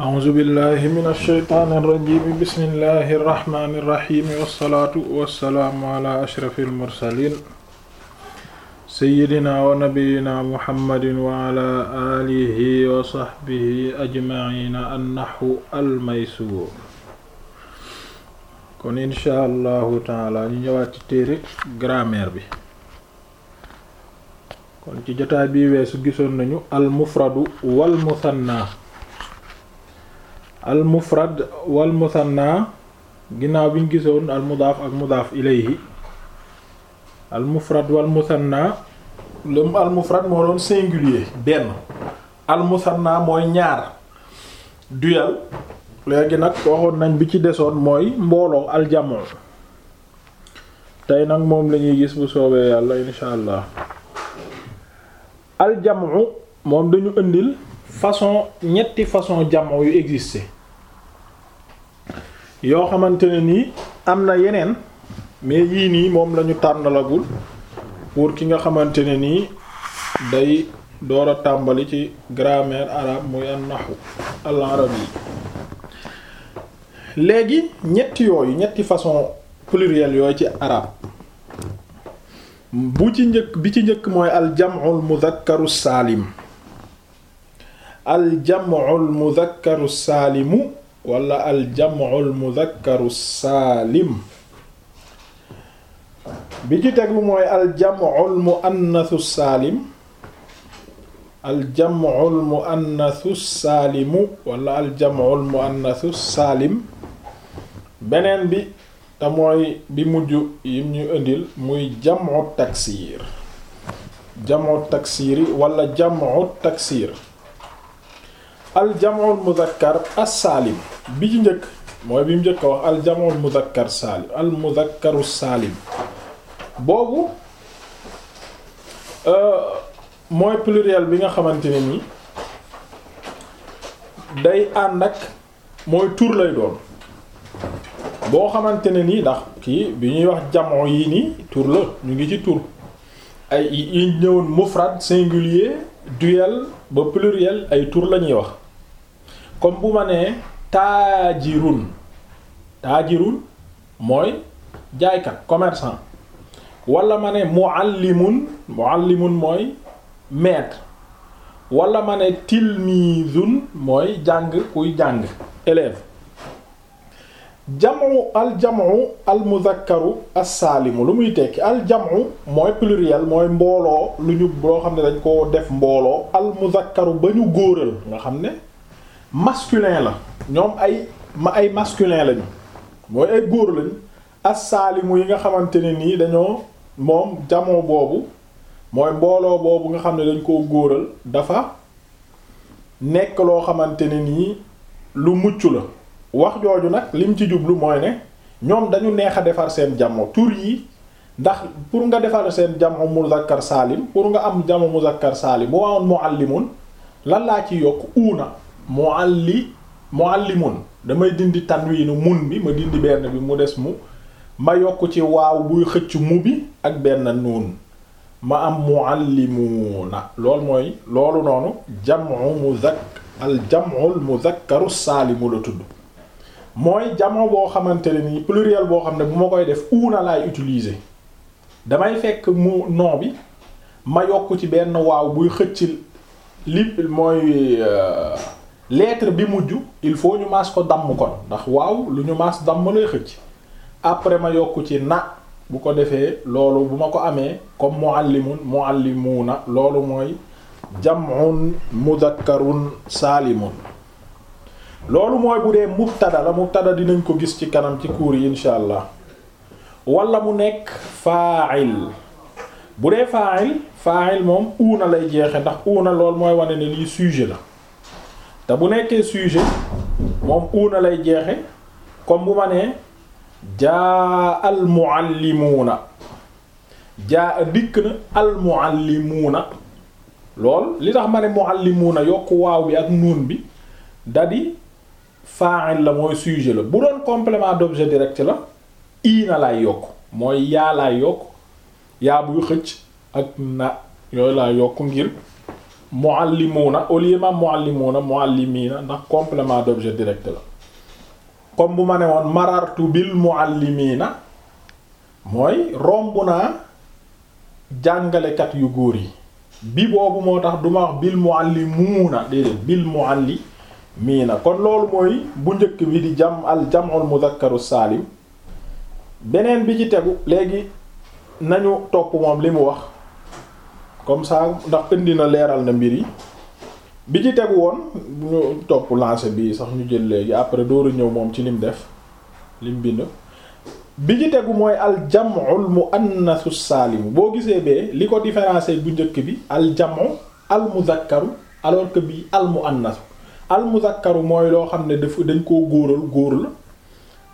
a'uuzu billahi mina shaytaani rajiim bismillahi rahmaani rahiim wassalaatu wassalaamu ala ashrafil mursaliin sayyidina wa nabiyyina muhammadin wa ala wa sahbihi ajmaciina an-nahwu al-maysuur kon incha allahu taala ñu ñëwaat ci téere bi kon ci jotaay bi weesu gisoon nañu al mufradu wal musanna al mufrad wal ginnaaw bi ñu gisoon al mudaaf ak mudaaf ilayhi al mufrad wal musanna lum al mufrad moo doon singulier benn al musanna mooy ñaar duyal léegi nag waxoon nañ bi ci desoon mooy mbooloo al jamoo tey nag moom lañuy gis bu soobee yàlla insha allah al jamoo moom dañu indil façon ñetti façon jamoo yu existé yoo xamante ne nii am na yeneen mais yii nii moom lañu tànnalagul pour ki nga xamante ne nii day doora tàmbali ci grammaire arabe muy an-nahwu al yi léegi ñetti yooyu ñetti façon pluriel yooyu ci arabe bu ci njëkk bi ci njëkk mooy al jam'ul mudhakkaru saalim aljam'ul mudhakkaru saalimu wala aljam'ul mudhakkaru saalim bi ci tegu mooy aljam'ul muannasu saalim aljam'ul muannasu saalim beneen bi te bi mujj yim ñu indil muy jam'u taksiir jam'u taksiiri wala jam'u taksiir aljamul muzakkar as-saalim bi ci njëkk mooy bi mu njëkk a wax aljamul muzakkar saalim al muzakkaru saalim boobu euh, mooy pluriel bi nga xamante ne nii day ànd ak mooy tur lay doon boo xamante ne nii ndax kii bi ñuy wax jamoo yi nii tur la ñu ngi ci tur ay yi ñëwoon mufrad singulier duel ba pluriel ay tur la ñuy wax comme bu ma nee taajirun taajirun mooy jaaykat commerçant wala ma ne muallimun muallimun mooy maître wala ma ne tilmizun mooy jàng kuy jàng élève jamu aljamu almuzakkaru assaalimu lu muy tekki aljamu mooy pluriel mooy mbooloo lu ñu loo xam ne dañ ko def mbooloo almuzakkaru ba ñu góoral nga xam ne masculin la ñoom ay ma ay masculin lañu mooy ay góor lañ assaalimu yi nga xamante ne nii dañoo moom jamoo boobu mooy mbooloo boobu nga xam ne dañ koo góoral dafa nekk loo xamante ne nii lu mucc la wax jooju nag lim ci jublu mooy ne ñoom dañu neex a defar seen jamo tur yi ndax pour nga defar seen jamo muzakkar saalim pour nga am jamo muzakkar saalim bu waawoon muallimun lan laa ci yokk uuna mualli muallimun damay dindi tanwiinu mun bi ma dindi benn bi mu des mu ma yokk ci waaw buy xëcc mu bi ak benn nuun ma am muallimuuna loolu mooy loolu noonu jam'u muzak al jam'ul muzakkaru saalimu la tudd mooy jamono boo xamante ne nii pluriel boo xam ne bu ma koy def uuna laay utiliser damay fekk mu nom bi ma yokk ci benn waaw buy xëcc li mooy. Euh, leetre bi mujj il faut ñu maas ko damm kon ndax waaw lu ñu maas damm lay xëcc après ma yokk ci na bu ko defee loolu bu ma ko amee comme muallimun muallimuuna loolu mooy jam'un mudhakkarun saalimun loolu mooy bu dee mubtada la mubtada dinañ ko gis ci kanam ci kuur yi insha allah walla mu nekk fa'il bu dee fa'il fa'il moom uuna lay jeexe ndax uuna lool mooy wane ne lii sujet la te bu nekkee sujet moom uuna lay jeexe comme bu ma nee jaa al muallimuuna jaa dikk na al lool li tax ma ne muallimuuna yokk waaw bi ak nuun bi dadi fa'il la mooy sujet la bu doon complément d'objet direct la iina laay yokk mooy yaa laay yokk yaa buy xëcc ak na yooyu laay yokk ngir muallimuuna au lieu ma muallimuuna muallimiina ndax complément d'objet direct la comme bu ma ne woon marartu bil muallimiina mooy romb naa jàngalekat yu góor yi bi boobu moo tax duma wax bil muallimuuna déedéet bil muallimiina kon loolu mooy bu njëkk bi di jam al jam'ul mudhakkaru saalim beneen bi ci tegu léegi nañu topp moom li mu wax comme saa ndax indi na leeral na mbir yi bi ci tegu woon bu ñu topp lancé bi sax ñu jël léegi après door a ñëw moom ci lim def lim bind bi ci tegu mooy aljamul muannasu saalimu boo gisee bee li ko différencier bu njëkk bi aljamu almuzakkaru alors que bii almuannasu almuzakkaru mooy loo xam ne dafa dañ koo góoral góor la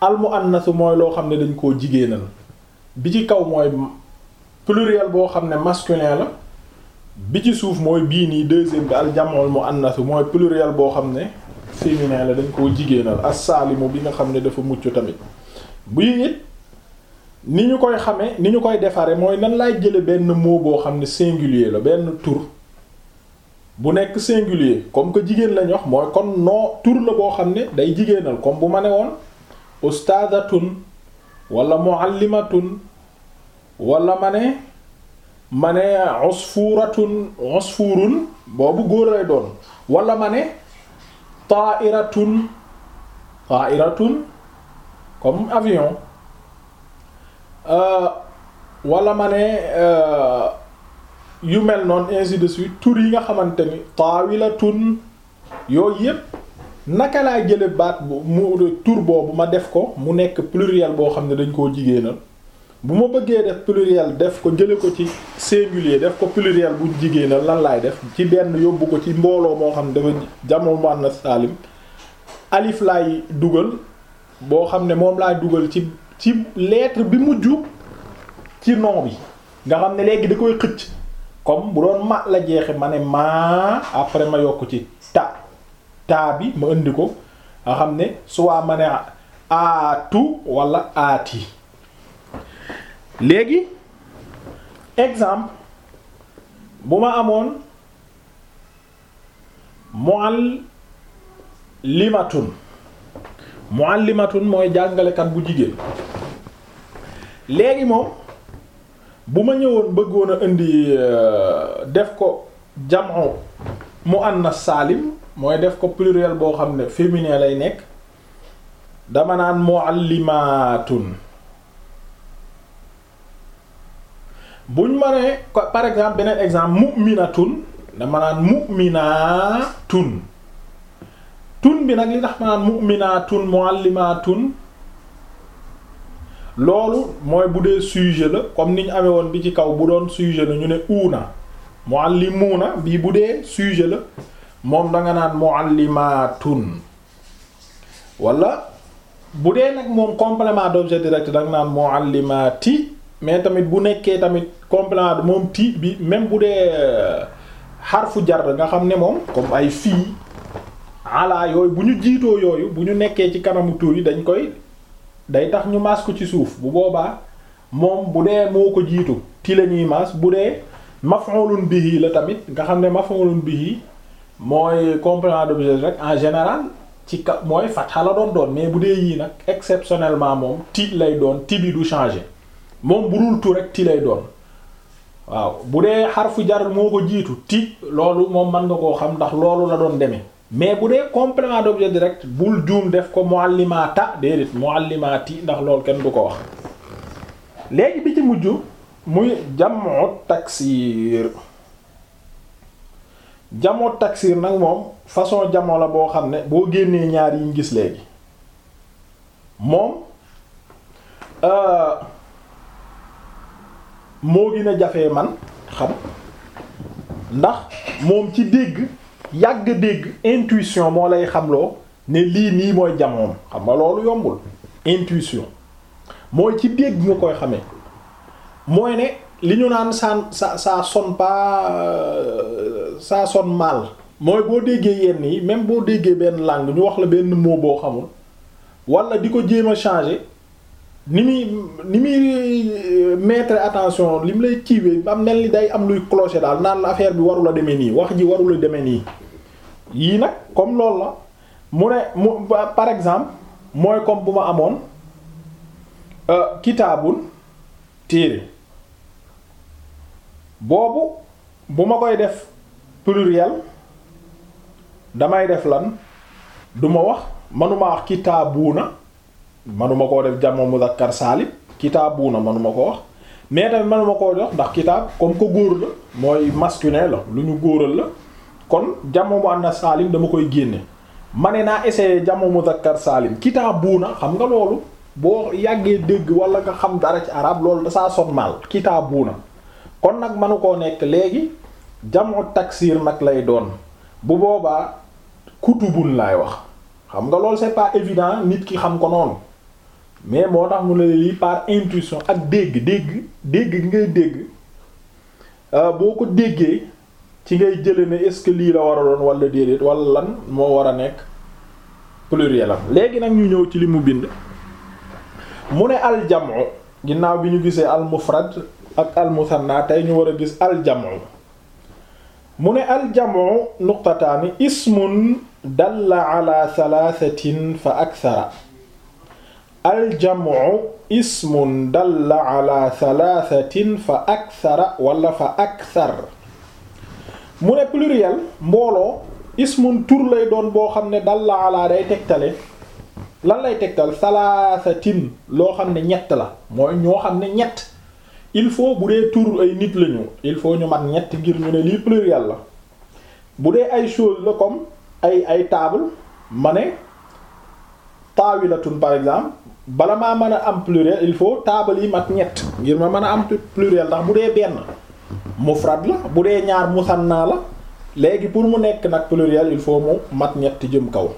almuannasu mooy loo xam ne dañ koo jigéenal bi ci kaw mooy pluriel boo xam ne masculin la bi ci suuf mooy bii nii deuxième bi al jam'ul muannas mooy pluriel boo xam ne féminin la dañ koo jigéenal as-saalimu bi nga xam ne dafa mucc tamit bii it ni ñu koy xamee ni ñu koy defaree mooy nan laay jële benn mot boo xam ne singulier la benn tur bu nekk singulier comme que jigéen lañ wax mooy kon noo tur la boo xam ne day jigéenal comme bu ma ne woon ustaadatun wala muallimatun wala ma ne ma ne usfuratun usfurun boobu góor lay doon wala ma ne ta'iratun ta'iratun comme avion euh, wala ma ne euh, yu mel noon ainsi de suite tur yi nga xamante ni taawilatun yooyu yëpp naka laa jële baat bu mu tur boobu ma def ko mu nekk pluriel boo xam ne dañ koo jigéenal bu ma bëggee def pluriel def ko jële ko ci singulier def ko pluriel bu jigéen lan laay def ci benn yóbbu ko ci mbooloo moo xam ne dafa jamoo muannas saalim alif laay dugal boo xam ne moom laay dugal ci ci lettre bi mujj ci nom bi nga xam ne léegi di koy xëcc comme bu doon ma la jeexee ma ne maa après ma yokk ci ta taa bi ma indi ko nga xam ne soit ma ne aatu wala aati léegi exemple bu ma amoon muallimatun muallimatun mooy jàngalekat bu jigéen léegi moom bu ma ñëwoon bëggoon a indi euh, def ko mu jamu na saalim mooy def ko pluriel boo xam ne féminin lay nekk dama naan muallimatun buñ ma nee par exemple beneen exemple mu'minatun dama naan mu'minatun tun bi nag li tax ma naan mu'minatun mu'allimatun loolu mooy bu dee sujet la comme ni ñu amee woon bi ci kaw bu doon sujet la ñu ne uuna mu'allimuuna bii bu dee sujet la moom danga naan mu'allimatun walla bu dee nag moom complément d'objet direct danga naan mu'allimati mais tamit bu nekkee tamit complément moom ti bi même bu dee euh, xarfu jar nga xam ne moom comme ay fii ala yooyu bu ñu jiitoo yooyu bu ñu nekkee ci kanamu tur yi dañ koy day tax ñu maas ko ci suuf bu boobaa moom bu dee moo ko jiitu ti la ñuy bu dee maf'ulun bihi la tamit nga xam ne maf'ulun bihi mooy complément d'objet rek en général ci ka mooy fatha la doon doon mais bu dee yii nag exceptionnellement moom tii lay doon ti bi du changer moom bu dul tu rek ti lay doon waaw bu dee xarfu jar moo ko jiitu ti loolu moom mën nga koo xam ndax loolu la doon demee mais bu dee complément d'objet direct bul juum def ko muallimata déedéet muallimati ndax loolu kenn du ko wax léegi bi ci mujj muy jamu taksiir jamoo taksiir nag moom façon jamoo la boo xam ne boo génnee ñaar yi ñu gis léegi moom euh, moo gën jafe man xam ndax moom ci dégg yàgg dégg intuition moo lay xamloo ne lii nii mooy jamoom xam nga loolu yombul intuition mooy ci dégg nga koy xamee mooy ne li ñu naan ça ça ça sonne pas euh, ça sonne mal mooy boo déggee yenn yi même boo déggee benn langue ñu wax la benn mot boo xamul wala di ko jéem a changer ni muy ni muy euh, mettre attention li mu lay kiiwee am mel ni day am luy clocher daal naan la affaire bi warula demee nii wax ji warula deme nii yii nag comme loolu la mu ne mu par exemple mooy comme bu ma amoon euh, kitaabun téere boobu bu ma koy def pluriel damay def lan duma wax manuma wax kitaabuuna manuma koo def jamo muzakkar saalim kitaabuuna manuma ko wax mais tamit manuma koo jox ndax kitaab comme ko góor la mooy masculin la lu ñu góoral la kon jamo mu saalim dama koy génne ma ne naa essayé jamo muzakkar saalim kitaabuuna xam nga loolu boo yàggee dégg wala nga xam dara ci arab loolu dasaa son maal kitaabuuna kon nag manu koo nekk léegi jamu taksir nag lay doon bu boobaa kutubun lay wax xam nga loolu c'est pas évident nit ki xam ko noonu mais moo tax mu ne lii par intuition ak dégg dégg dégg gi ngay dégg euh, boo ko déggee ci ngay jële ne est-ce que lii la war a doon wala déedéet wala lan moo war a nekk pluriel am léegi nag ñu ñëw ci li mu bind mu ne aljamu ginnaaw bi ñu gisee almufrad ak almusanna tey ñu war a gis aljamu mu ne aljamu nuqtataani ismun dalla ala thalathatin fa akthara aljamu ismun dalla ala thalathatin fa akthara wala fa akthar mu ne pluriel mbooloo ismun tur lay doon boo xam ne dal la ala day tegtale lan lay tegtal thalathatin loo xam ne ñett la mooy ñoo xam ne ñett il faut bu dee tur ay nit lañu il faut ñu man ñett ngir ñu ne lii pluriel la bu dee ay chose la comme ay ay table ma ne taawilatun par exemple bala maa mën a am pluriel il faut taabal yi mat ñett ngir ma mën a am pluriel ndax bu dee benn mufrad la bu dee ñaar musanna la léegi pour mu nekk nag pluriel il faut mu mat ñett jëm kaw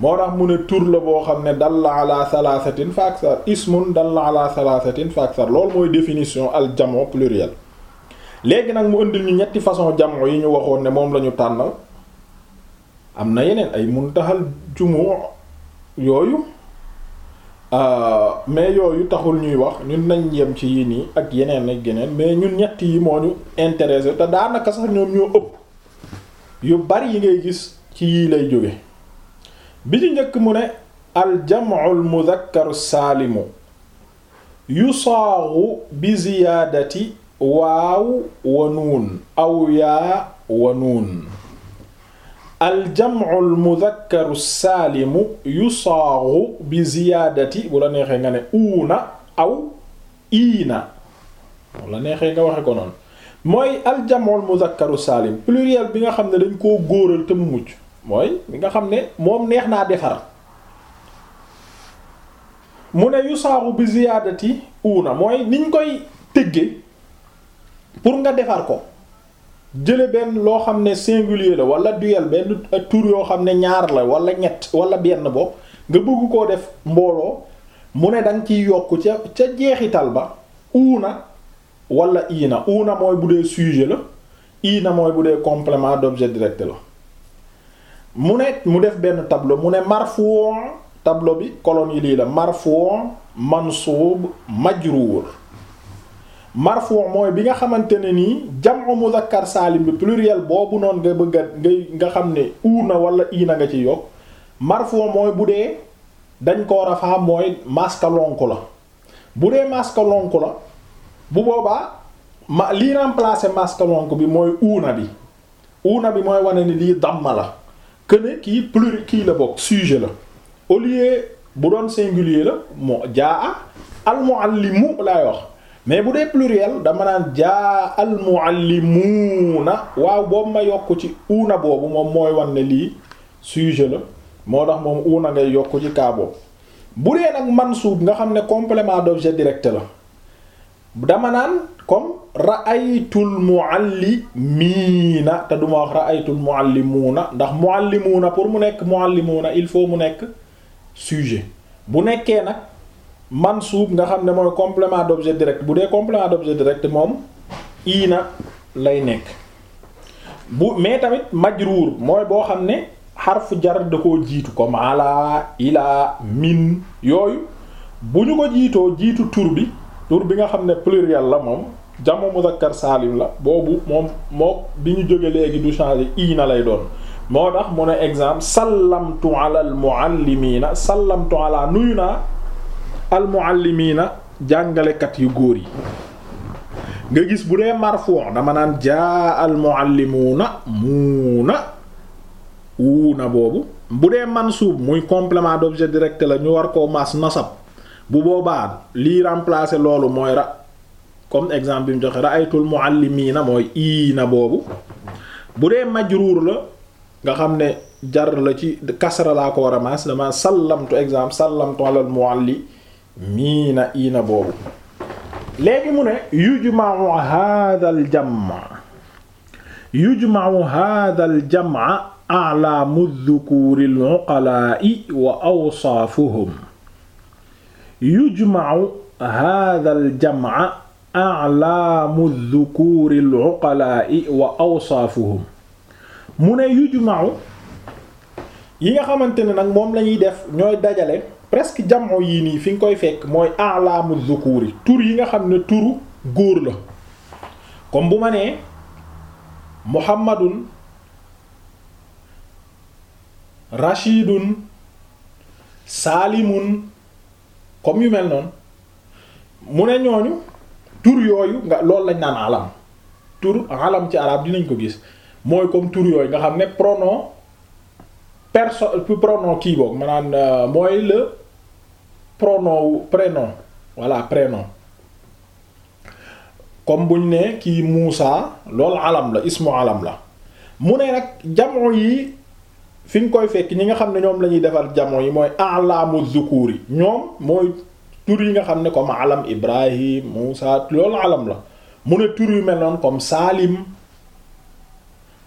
moo tax mu ne tur la boo xam ne dal la ala salasatin fa aksar ismun dal la ala salasatin fa aksar loolu mooy définition al jamo pluriel léegi nag mu indil ñu ñetti façon jamo yi ñu waxoon ne moom la ñu tànnal am na yeneen ay muntahal jumu yooyu euh, mais yooyu taxul ñuy wax ñun nañ yem ci yii nii ak yeneen ak yeneen mais ñun ñett yi moo ñu intéressé te daanaka sax ñoom ñoo ëpp yu bari yi ngay gis ci yii lay jóge bi ci njëkk mu ne aljam'ul mudhakkaru saalimu yusaawu bi ziyaadati waaw wa nuun aw yaa wa nuun aljam'ul mudhakkaru saalimu yusaagu bi ziyaadati bu la neexee nga ne uuna aw iina bu la neexee nga waxe ko noonu mooy aljam'ul mudhakkaru saalim pluriel bi nga xam ne dañ koo góoral te mu mucc mooy bi nga xam ne moom neex naa defar mu ne yusaagu bi ziyaadati uuna mooy niñ koy tëgge pour nga defar ko jële benn loo xam ne singulier la wala duel benn tur yoo xam ne ñaar la wala ñett wala benn bopp nga bëggu koo def mbooloo mu ne danga ci yokk ca ca jeexital ba uuna wala iina uuna mooy bu dee sujet la iina mooy bu dee complément d'objet direct la mu ne mu def benn tableau mu ne marfu' tableau bi colonne lii la marfu' mansub majruur marfu' mooy bi nga xamante ne nii jam'u muzakkar saalim bi pluriel boobu noonu nga bëgg a ngay nga xam ne na wala iina nga ci yokk marfu' mooy bu dee dañ ko rafaa mooy maska lonku la bu dee maska la bu boobaa ma lii remplacer maska lonku bi mooy uur na bi na bi mooy wane ni lii damma la këne kii pluri kii la bokk sujet la au lieu bu doon singulier la moo jaa al muallimu laay wax mais bu dee pluriel dama naan jaa al muallimuuna waaw boobu ma yokk ci uuna boobu moom mooy wan ne lii sujet la moo tax moom uuna ngay yokk ci kaa bu dee nag mansuub nga xam ne complément d'objet direct la dama naan comme ra'aytul muallimiina te duma wax ra'aytul muallimuuna ndax muallimuuna pour mu nekk muallimuuna il faut mu nekk sujet bu nekkee nag mansuub nga xam ne mooy complement d'objet direct bu dee complément d'objet direct moom iina lay nekk bu mais tamit majruur mooy boo xam ne xarfu jar da koo jiitu comme ala ila min yooyu bu ñu ko jiitoo jiitu tur bi tur bi nga xam ne pluriel la moom jamu muzakkar saalim la boobu moom moo bi ñu jógee léegi du changer iina lay doon moo tax mu ne exemple sallamtu ala al muallimiina sallamtu ala nuyu naa almuallimiina jàngalekat yu góor yi nga gis bu dee marfuu dama naan jaa almuallimuuna muuna wuuna boobu bu dee mansuub muy complément d'objet direct la ñu war koo maas nasab bu boobaa lii remplacer loolu mooy ra comme exemple bi mu joxe ra'aytul muallimiina mooy iina boobu bu dee majruur la nga xam ne jar la ci kasra laa ko war a maas dama sallamtu exemple sallamtu alal mualli miina iina boobu léegi mu ne yujma'u hadha al jam'a yujma'u hadha al jam'a a'lamu wa awsaafuhum yujma'u hadha al jam'a a'lamu dhukuuri al uqala'i wa awsaafuhum mu ne yujma'u yi nga xamante ne nag moom lañuy def ñooy dajale presque jamono yii nii fi nga koy fekk mooy alaamu zukuri tur yi nga xam ne turu góor la comme bu ma nee muhammadun rashidun saalimun comme yu mel noonu mu ne ñooñu tur yooyu nga loolu lañ naan alam tur alam ci di nañ ko gis mooy comme tur yooyu nga xam ne pronom perso pronom kii boog maanaam euh, mooy le pronom wu prénom voilà prénom comme buñ ne kii Muusa loolu alam la ismu alam la mu ne nag jamono yi fi nga koy fekk ñi nga xam ne ñoom lañuy defar jamoo yi mooy alamu zukuri ñoom mooy tur yi nga xam ne comme alam Ibrahim Muusa loolu alam la mu ne tur yu mel noon comme Salim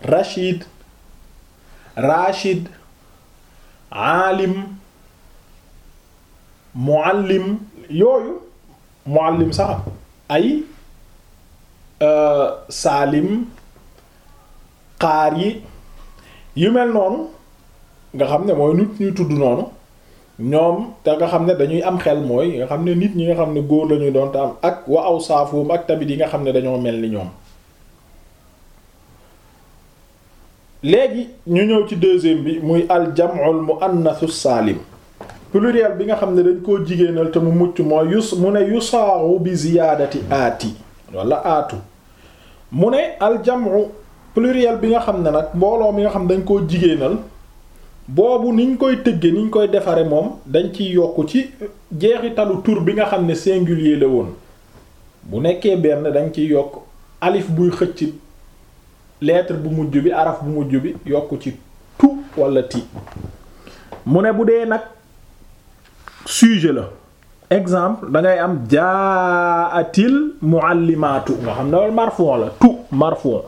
Rachid Rachid Alim muallim yooyu muallim sax ay euh, saalim xaar yi yu mel noonu nga xam ne mooy nit ñuy tudd noonu ñoom te nga xam ne dañuy am xel mooy nga xam ne nit ñi nga xam ne góor lañuy doon te ak wa aw saafoom ak tamit yi nga xam ne dañoo mel ni ñoom léegi ñu ñëw ci deuxième bi muy al jam'ul muannathus saalim pluriel bi nga xam ne dañ koo jigéenal te mu mucc mooy yus mu ne yusaaru bi ziyaadati aati wala aatu mu ne aljamu pluriel bi nga xam ne nag mbooloo mi nga xam dañ koo jigéenal boobu niñ koy tëgge niñ koy defare moom dañ ciy yokk ci jeexitalu tur bi nga xam ne singulier la woon bu nekkee benn dañ ci yokk alif buy xëcc lettre bu mujj bi araf bu mujj bi yokk ci tu wala ti mu ne bu dee nag sujet la exemple dangay ngay am jaatil muallimaatu nga xam ne loolu marfon la tu marfon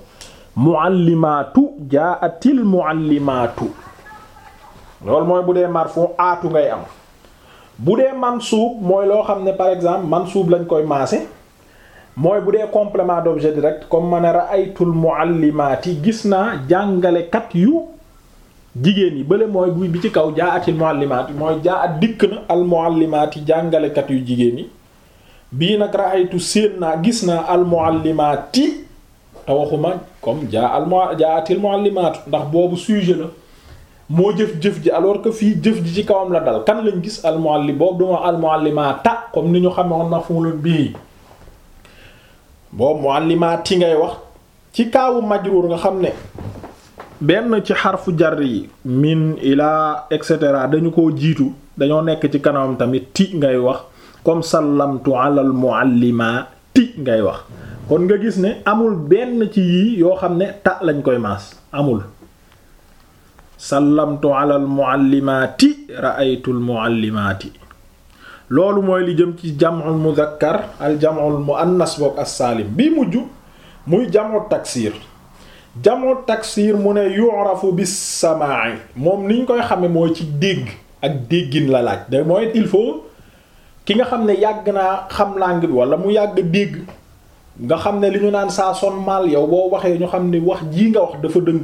muallimaatu jaatil muallimaatu loolu mooy bu dee marfon aatu ngay am bu dee mansuub mooy loo xam ne par exemple mansuub lañ koy maase mooy bu dee complément d'objet direct comme ma ne ra'aytul muallimaati gis naa jàngalekat yu jigéen yi bële mooy guy bi ci kaw jaa atil muallimaat yi mooy jaa at dikk na al muallimaat yi jàngalekat yu jigéen yi bii nag raaytu séen naa gis naa al muallimaat yi te waxuma comme jaa al jaa atil ndax boobu sujet na moo jëf-jëf ji alors que fii jëf ji ci kawam la dal kan lañ gis al muallim boobu duma al muallimaata comme ni ñu xamoon na fu mu leen bii boobu muallimaati ngay wax ci kaawu majruur nga xam ne benn ci xarfu jar yi min ilaa et cetera dañu ko jiitu dañoo nekk ci kanamam tamit ti ngay wax comme sallamtu alal muallima ti ngay wax kon nga gis ne amul benn ci yii yoo xam ne ta lañ koy maas amul sallamtu alal muallimati ra'aytul muallimati loolu mooy li jëm ci jam'ul muzakkar al jam'ul muannas boog as-salim bii mujj muy jam'u taksir jamu taksiir mu ne yu'rafu bis samaa'i moom ni ñu koy xame mooy ci dégg ak déggin la laaj da mooy il faut ki nga xam ne yàgg naa xam langue bi wala mu yàgg dégg nga xam ne li ñu naan saa son mal yow boo waxee ñu xam ne wax jii nga wax dafa dëng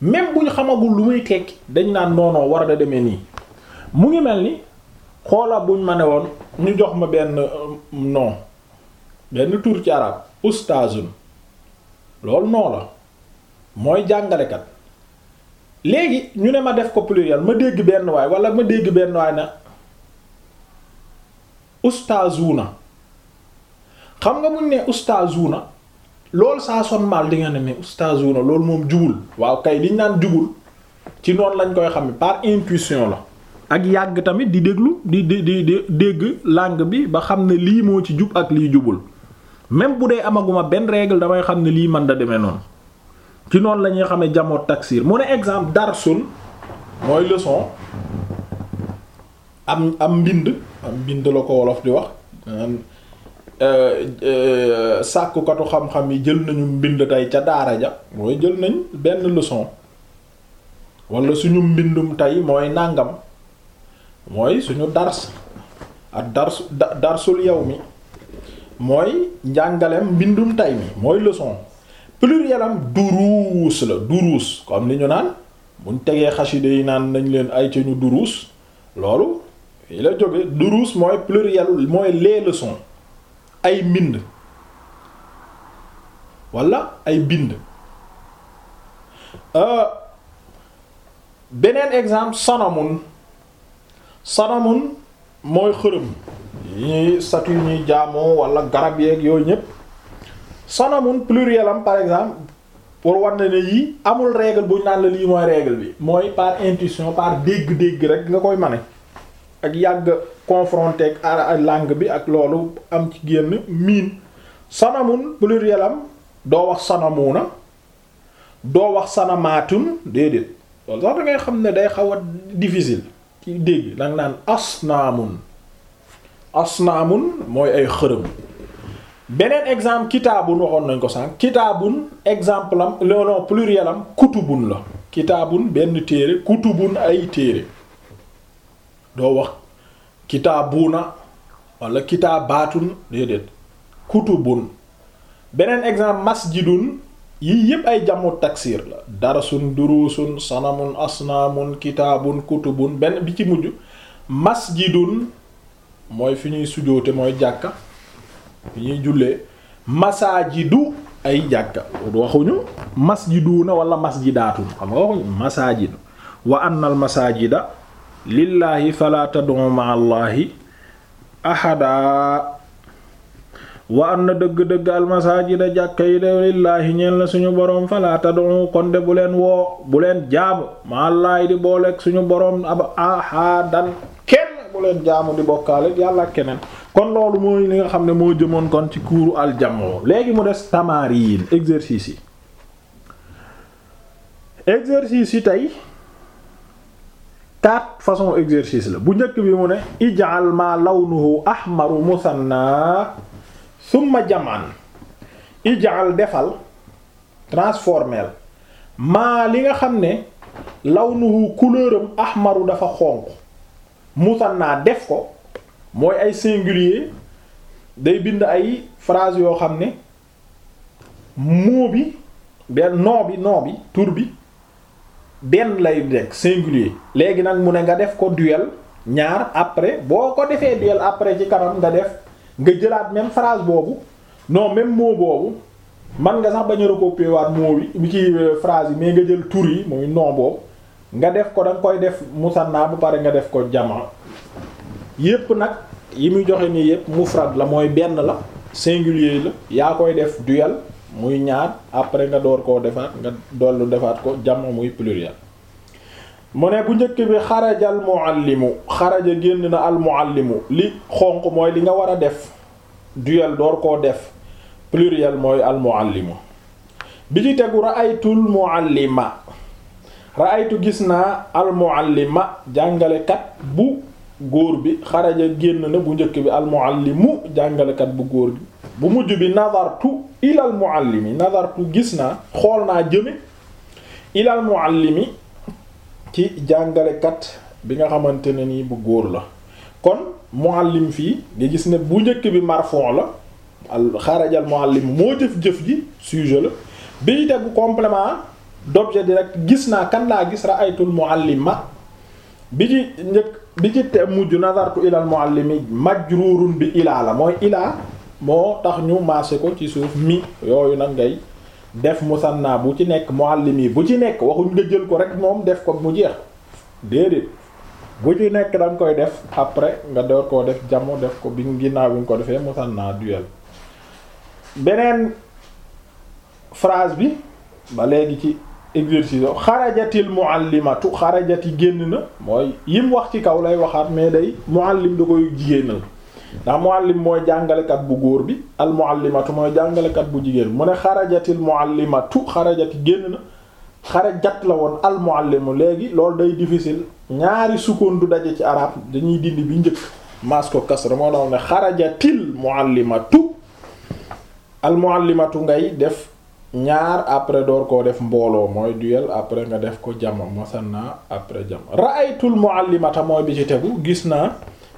même buñ xamagul lu muy tekki dañ naan noonoo war da demee nii mu ngi mel ni xoola buñ ma ne woon ñu jox ma benn euh, non benn tur ci arab ustazun loolu noo la mooy jàngalekat léegi ñu ne ma def ko pluriel ma dégg benn waay wala ma dégg benn waay na ustazuna xam nga mun ne ustazuna loolu saa son mal di nga ne mais na loolu moom jubul waaw kay liñ naan jubul ci noonu lañ koy xam par intuition la ak yàgg tamit di déglu di di di dégg langue bi ba xam ne lii moo ci jub ak lii jubul même bu dee amaguma benn règle damay xam ne lii mën da demee noonu ci noonu la ñuy xamee jamoot taksir mu ne exemple darsul mooy leçon am am mbind am mbind la ko wolof di wax euh, euh, sàkkukatu xam-xam yi jël nañu mbind tey ca daara ja mooy jël nañ benn leçon wala suñu mbindum tey mooy nàngam mooy suñu dars ak darsul yow mi mooy njàngaleem mbindum tey mi mooy leçon pluriel am duruus la duruus comme li ñu naan buñ tegee xasida yi naan nañ leen ay ca ñu duruus loolu yi la jóge duruus mooy pluriel mooy les leçons ay mbind wala ay bind euh, beneen exemple sanamun sanamun mooy xërëm yi satu ñuy jaamoo wala garab yeeg yooyu ñépp sanamun pluriel am par exemple pour war na ne yii amul règle buñ naan la lii mooy règle bi mooy par intuition par dégg-dégg rek nga koy mane ak yàgg confronté ak langue bi ak loolu am ci génn miin sanamun pluriel am doo wax sanamuna doo wax sanamaatum déedéet loolu sax da ngay xam ne day xaw a difficile ci dégg danga naan asnaamun asnaamun mooy ay xërëm beneen exemple kitaabun waxoon nañ ko sànq kitaabun exemple am non non pluriel am kutubun la kitaabun benn téere kutubun ay téere doo wax kitaabuna wala kitaabaatun déedéet kutubun beneen exemple masjidun yii yépp ay jamu taksir la darasun durusun sanamun asnaamun kitaabun kutubun benn bi ci mujj masjidun mooy fi ñuy sujoote mooy jàkka fi ñuy jullee masaajidu ay jàkka waxuñu masjiduuna wala masjidaatun xam nga waxuñu masaajidu wa anna al masaajida lillaahi falaa tad'u ma'a allaahi ahadaa wa anna dëgg-dëgg almasaajida jàkka yi de lillaahi ñeen la suñu boroom falaata tad'u kon de bu leen woo bu leen jaamu ma allaahi di booleeg suñu boroom ab ahadan kenn ku leen jaamu di bokkaale yàlla ak keneen kon loolu mooy li nga xam ne moo jëmoon kon ci kuuru aljamoo léegi mu des tamaariin exercice yi exercice yi tey quatre façons exercice la bu njëkk bi mu ne ij'al ma lawnuhu ahmaru musanna summa jaman ij'al defal transformel ma li nga xam ne lawnuhu couleuram ahmaru dafa xonq musanna def ko mooy ay singulier day bind ay phrase yoo xam ne mot bi benn non bi nom bi tur bi benn lay nekk singulier léegi nag mu ne nga def ko duel ñaar après boo ko defee duel après ci kanam nga def nga jëlaat même phrase boobu non même mot boobu man nga sax ba a recopier waat mot bi ci euh, phrase yi mais nga jël tur yi mooy non boobu nga def ko da koy def musanna bu pare nga def ko jamaa yépp nag yi muy joxe nii yépp mufrad la mooy benn la singulier la yaa koy def duel muy ñaar après nga door koo defaat nga dollu defaat ko jamaa muy pluriel mu ne bu njëkk bi xaraja al muallimu xaraja génn na al muallimu li xonq mooy li nga war a def duel door koo def pluriel mooy al muallimu bi ci tegu ra'aytul muallima raaytu gis naa almuallima jàngalekat bu góor bi xaraja génn na bu njëkk bi almuallimu jàngalekat bu góor bi bu mujj bi nadartu ilal muallimi nadartu gis naa xool naa jëme ilal muallimi ci jàngalekat bi nga xamante ne nii bu góor la kon muallim fii nga gis ne bu njëkk bi marfon la al xarajal muallim moo jëf-jëf su sujet la bii tegu complément d'objet direct gis naa kan laa gis ra'aytul muallima bi ci njëkk bi ci te mujj nazartu ilal muallimi majrurun bi ilaa la mooy ilaa moo tax ñu maase ko ci suuf mi yooyu nag ngay def musanna bu ci nekk muallimi bu ci nekk waxuñ nga jël ko rek moom def ko mu jeex déedéet bu ci nekk da koy def après nga door koo def jamo def ko bi ginnaaw bi nga ko defee musanna duel beneen phrase bi ba léegi ci exercice o xarajatil muallimatu xarajati génn na mooy yim wax ci kaw lay waxaat mais day muallim da koy jigéenal ndax muallim mooy jàngalekat bu góor bi al muallimatu mooy jàngalekat bu jigéen mu ne xarajatil muallimatu xarajati génn na xarajat la woon al muallimu léegi lool day difficile ñaari sukkoon du daje ci arab dañuy dindi bi njëkk mas ko kasra moo doon ne xarajatil muallimatu al muallimatu ngay def ñaar après door koo def mbooloo mooy duel après nga def ko jama mosanna après jama ra'aytul muallimata mooy bi ci tegu gis naa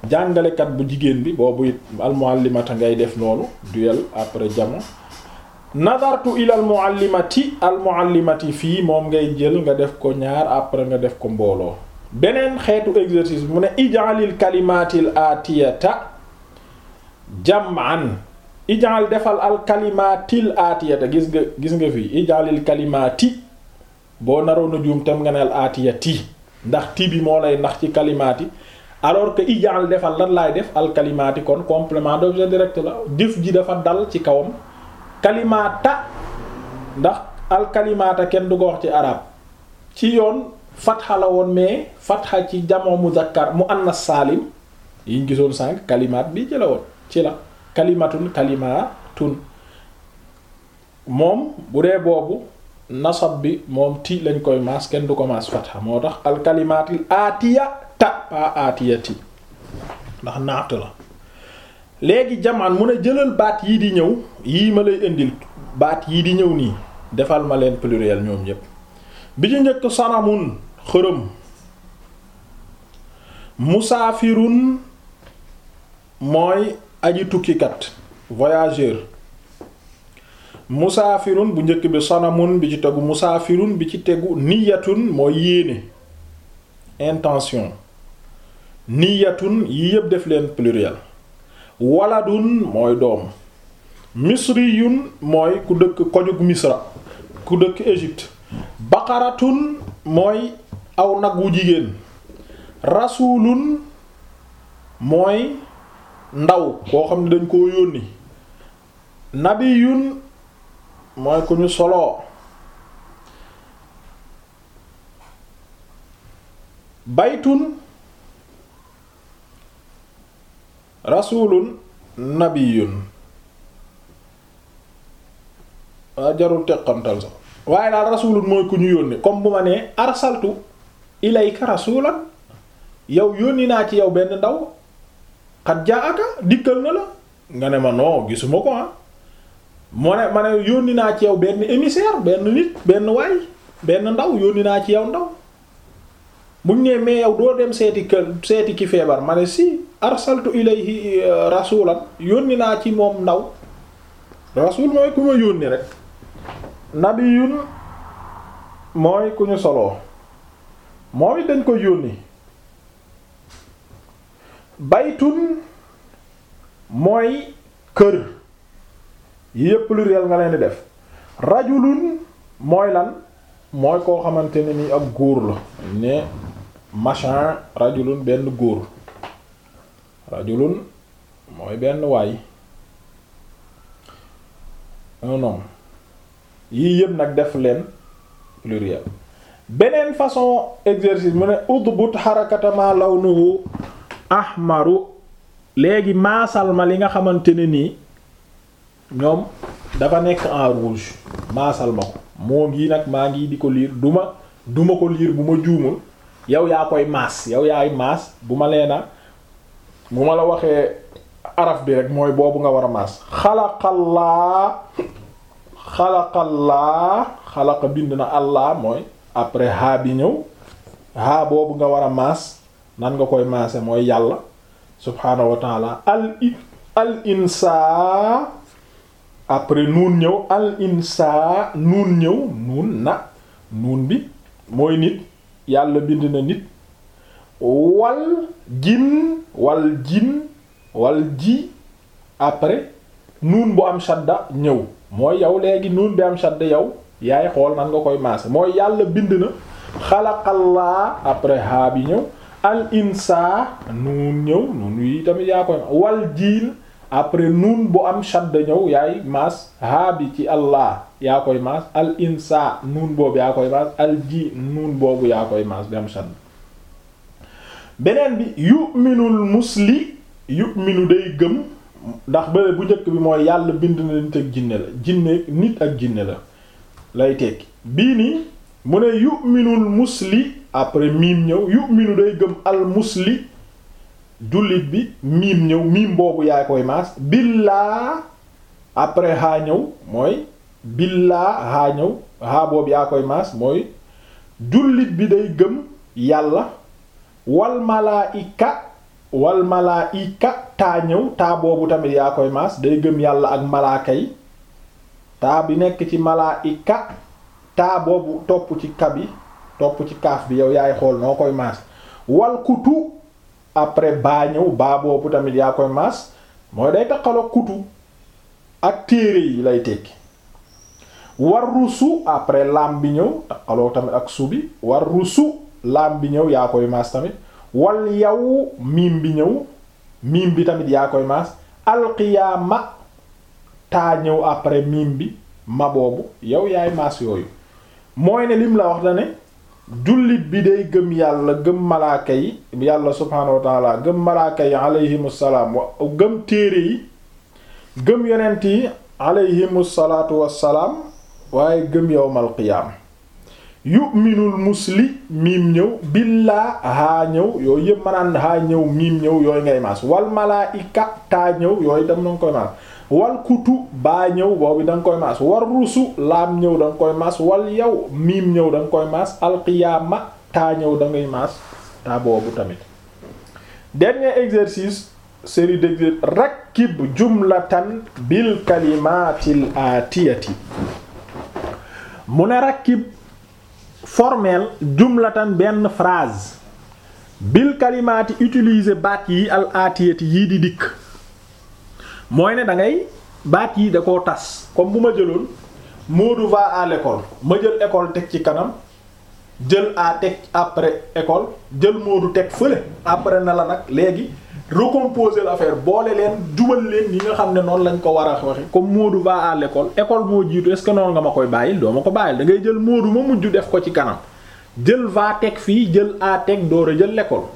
jàngalekat bu jigéen bi boobu it al muallimata ngay def noonu duel après jama nadartu ilal muallimati al muallimati fii moom ngay jël nga def ko ñaar après nga def ko mbooloo beneen xeetu exercice mu ne ij'alil kalimatil atiyata jam'an ijaal defal al kalimaatil aatiyata gis nga gis nga fii ijaalil kalimaati boo naroona a juum tam nga ne al ndax ti bi moo lay nax ci kalimaati alors que ijaal defal lan laay def al kalimaati kon complément d'objet direct la dif ji dafa dal ci kawam kalimaata ndax al kenn du ko wax ci arab ci yoon fatxa la woon mais fatxa ci jamoo muzakkar mu annas saalim yiñ gisoon sànq kalimaat bi ci la woon ci la kalimatun kalimatun moom bu dee boobu nasab bi moom ti lañ koy maas kenn du ko maas fatha moo tax al kalimatil ta pa atiya ti ndax naat la léegi jamaan mun a jëlal baat yii di ñëw yii ma lay indil baat yii di ñëw nii defal ma leen pluriel ñoom ñépp bi ci njëkk sanamun xërëm musaafirun mooy aji tukkikat voyageur musaafirun bu njëkk bi sanamun bi ci tegu musaafirun bi ci tegu niyatun mooy yéene intention niyatun yi yépp def leen pluriel waladun mooy doom misriyun mooy ku dëkk kojug misra ku dëkk Égypte baqaratun mooy aw nag wu jigéen rasulun mooy ndaw koo xam ne dañ koo yónni nabiyun mooy ku ñu soloo baytun rasulun nabiyun waa ah, jarul teqantal sax waaye daal rasulun mooy ku ñu yónni comme bu ma nee arsaltu ilayka rasulan yow yónni naa ci yow benn ndaw xat jaa aka dikkal na la nga ne ma noo gisuma ko ah mu ne ma ne yónni naa ci yaw benn émissaire benn nit benn waay benn ndaw yónni naa ci yaw ndaw buñ ne mais yow doo dem seeti kër seeti ki feebar ma ne si arsaltu ilayhi euh, rasulan yónni naa ci moom ndaw rasul mooy ku ma yónni rek nabiyun mooy ku ñu soloo mooy dañ ko yónni baytun mooy kër yii yépp pluriel nga leen di def rajulun mooy lan mooy koo xamante ne ni ab góor la ne machin rajulun benn góor rajulun mooy benn waay non non yii yépp nag def leen pluriel beneen façon exercice mu ne udbut xarakatama lawnuhu ahmaru léegi maasal ma li nga xamante ne nii ñoom dafa nekk en rouge maasal ma ko moom yi nag maa ngi di ko liir duma duma ko liir bu ma juumul yow yaa koy maas yow yaay maas bu ma leena bu ma la waxee araf bi rek mooy boobu nga war a maas xalaqallaa xalaqallaa xalaqa bind na allah mooy après haa bi ñëw haa boobu nga war maas nan nga koy maase mooy yàlla subhaanahu wa al i al insa après nuun ñëw al insa nuun ñëw nuun na nuun bi mooy nit yàlla bind na nit wal jin wal jin wal ji après nuun bu am shadda ñëw mooy yow léegi nuun bi am shadda yow yaay xool nan nga koy maase mooy yàlla bind na xalaqallaa après haa bi ñëw al insa nuun ñëw nuun yi tamit yaa koy wal après nuun bu am shadda ñëw yaay maas haa ci allah yaa koy maas al insa nuun boobu yaa koy maas al ji nuun boobu yaa koy maas bi am shadda beneen bi yu'minul musli yu'minu day gëm ndax bëre bu jëkk bi mooy yàlla bind na nit ak jinne la jinne nit ak jinne la lay tekki bii nii mu ne yu'minul musli après miim ñëw yu'minu day gëm al musli jullit bi miim ñëw miim boobu yaa koy maas billaa après haa ñëw mooy billaa haa ñëw haa boobu yaa koy maas mooy jullit bi day gëm yàlla wal malaa'ika wal malaa'ika taa ñëw taa boobu tamit yaa koy maas day gëm yàlla ak malaaka yi taa bi nekk ci malaa'ika taa boobu topp ci kabi topp ci kaaf bi yow yaay xool noo koy maas wal kutu après baa ñëw baa boobu tamit yaa koy maas mooy day taqaloo kutu ak téere yi lay tekki war rusu après laam bi ñëw taqaloo tamit ak su bi war rusu laam bi ñëw yaa koy maas tamit wal yaw miim bi ñëw miim bi tamit yaa koy maas alqiyaama taa ñëw après miim bi ma boobu yow yaay maas yooyu mooy ne lim la wax da ne jullit bi day gëm yàlla gëm malaaka yi yàlla subhaanahu wa taala gëm malaaka yi aleyhimu wa gëm téere yi gëm yonent yi aleyhimu wassalaam waaye gëm yowmal qiyaam yu'minul musli miim ñëw billaa haa ñëw yooyu yëpp manaan haa ñëw miim ñëw yooyu ngay maas wal malaa'ika taa ñëw yooyu dem na nga koy wal kutu baa ñëw boobu da nga koy maas war laam ñëw da koy maas wal yow miim ñëw da koy maas alqiyaama taa ñëw da maas taa boobu tamit dernier exercice série d'exercices rakkib jumlatan bil kalimatil atiyati mu ne rakkib formel jumlatan benn phrase bil kalimati utiliser baat yi al atiyati yii di dikk mooy ne da ngay baat yi da koo tas comme bu ma jëloon Moodu va à l'école ma jël école teg ci kanam jël a teg après école jël Moodu teg fële après na la nag léegi ru recomposer l'affaire boole leen jubal leen yi nga xam ne noonu lañ ko war a waxe comme Moodu va à l'école école moo jiitu est-ce que noonu nga ma koy bàyyil doo ma ko bàyyil da ngay jël Moodu ma mujj def ko ci kanam jël va teg fii jël a teg door a jël l'école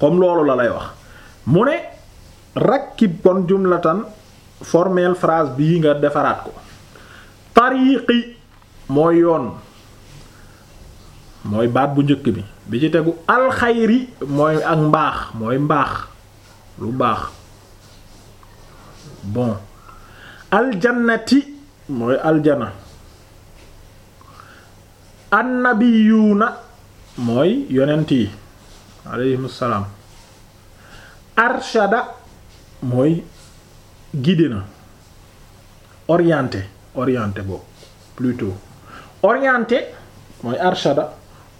comme loolu la lay wax mu ne rakkib kon jumlatan formel phrase bi nga defaraat ko tariqi mooy yoon mooy baat bu njëkk bi bi ci tegu alxayri mooy ak mbaax mooy mbaax lu baax bon aljannati mooy aljana annabiyuuna mooy yonent yi aleyhimussalaam arshada mooy guidé na orienté orienté boobu plutôt orienté mooy arshada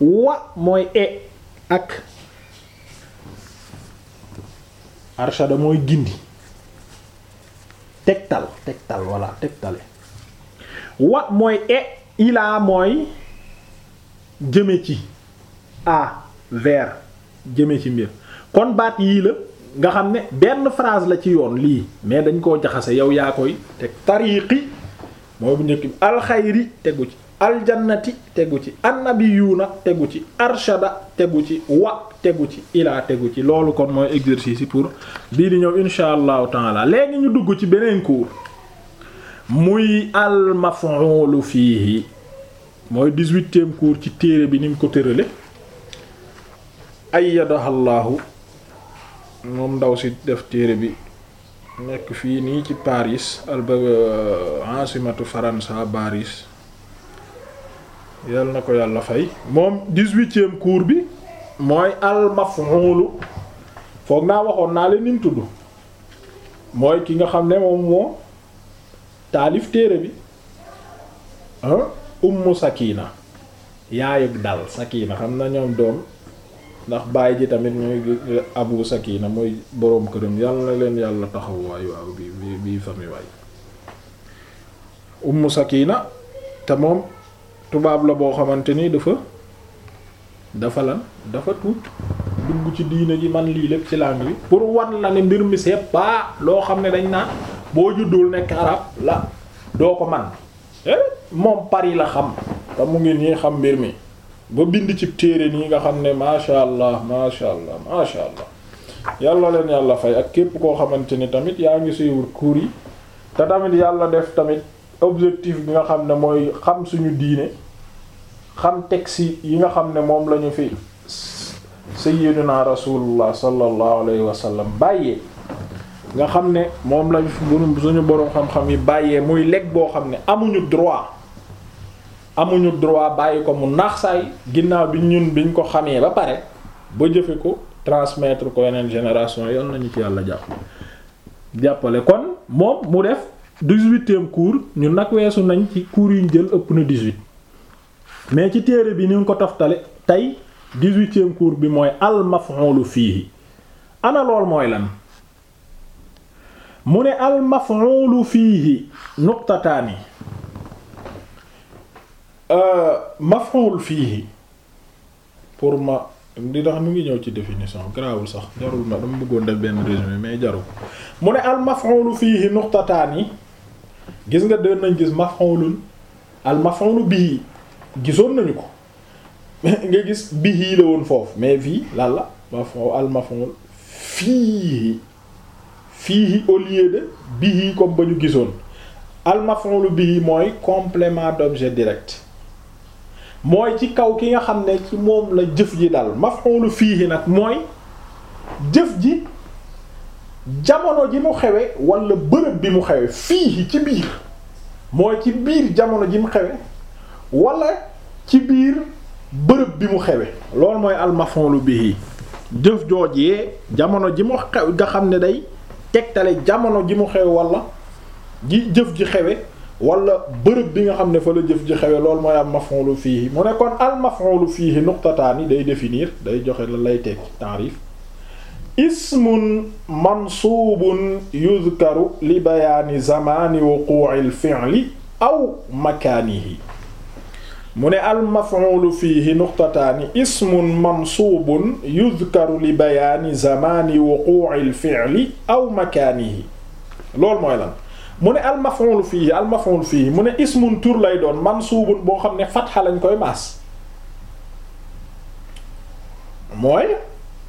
wa mooy e ak arshada mooy gindi tegtal tegtal walla tegtale wa mooy e ilaa mooy jëme ci a vers jëme ci mbir kon baat yii la nga xam ne benn phrase la ci yoon lii mais dañ koo jaxase yow yaa koy teg tariqi moo bu njëkk bi alxayri tegu ci aljannati tegu ci annabiyuuna tegu ci arshada tegu ci wa tegu ci ilaa tegu ci loolu kon mooy exercice yi pour bii di ñëw insha allahu taala léegi ñu dugg ci beneen cours muy al maf'ul fiihi mooy dix-huitième ci téere bi ni mu ko tërale ayyadahallahu moom ndaw si def téere bi nekk fii nii ci Paris alba euh, ansimatu faransa Paris yal na ko yàlla fay moom dix-huitième cours bi mooy al maf'ul foog naa waxoon naa leen ni mu tudd mooy ki nga xam ne moom moo taalif téere bi ummu yaay yaayug dal sakiina xam na ñoom doom ndax baay ji tamit muy abu sakina mooy boroom këram yàlla na leen yàlla taxaw waay waaw bii bi bii famille waay ummu sakina te moom tubaab la boo xamante ni dafa dafa lan dafa tuut dugg ci diina ji man lii lépp ci langue bi pour wan la ne mbir mi seet pas loo xam ne dañ naan boo juddul nekk arab la doo ko man eh, moom yi la xam te mu ngi nii xam mbir mi ba bind ci téere nii nga xam ne maasha allah maasha allah maasha yàlla leen yàlla fay ak képp koo xamante ni tamit yaa ngi wur cours yi te tamit yàlla def tamit objectif bi nga xam ne mooy xam suñu diine xam texte yi nga xam ne moom lañu fi sayyidina rasulullah sallallahu alayhi wa sallam bàyyee nga xam ne moom lañu fi suñu boroom xam-xam yi bàyyee muy lekk boo xam ne amuñu droit amuñu droit bàyyi ko mu naax saay ginnaaw bi ñun biñ ko xamee ba pare ba jëfe ko transmettre ko yeneen génération yoon nañu ci yàlla jàpp jàppale kon moom mu def dix-huitième cours ñun nag weesu nañ ci cours yi ñu jël ëpp na dix mais ci téere bi ni nga ko toftale tey dix-huitième bi mooy al fii fihi ana lool mooy lan mu ne al fii fihi nuqtataani Euh, maf'ul fiihi pour ma di tax mu ngi ñëw ci définition garaawul sax jarul ma dama bëggoon def benn résumé mais jarul mu ne al maf'ul fiihi nuqtataan yi gis nga doon nañ gis maf'ulun al maf'ul bihi gisoon nañu ko nga gis bihi la woon foofu mais fii lan la fii al maf'ul fiihi fiihi de bihi comme ba ñu gisoon al maf'ul bihi mooy complément d'objet direct mooy ci kaw ki nga xam ne ci moom la jëf ji dal maf'ulu fiihi nag mooy jëf ji jamono ji mu xewe walla bërëb bi mu xewe fiihi ci biir mooy ci biir jamono ji mu xewe wala ci biir bërëb bi mu xewe loolu mooy al maf'ulu bihi jëf joojee jamono ji mu xew nga xam ne day tegtale jamono ji mu xewe wala ji jëf ji xewe wala bërëb bi nga xam ne fa la jëf ji xewe loolu mooy am maf'ul fiihi mu ne kon al maf'ul fiihi nuqtataani day définir day joxe la lay tekki taarif ismun mansuubun yuzkaru li bayaani zamaani wuqu'il fi'li aw makaanihi mu ne al maf'ul fiihi nuqtataani ismun mansuubun yuzkaru li aw makaanihi mooy lan mu ne al fii al fii mu ne ismun tur lay doon mansuubun boo xam ne fatxa lañ koy maas mooy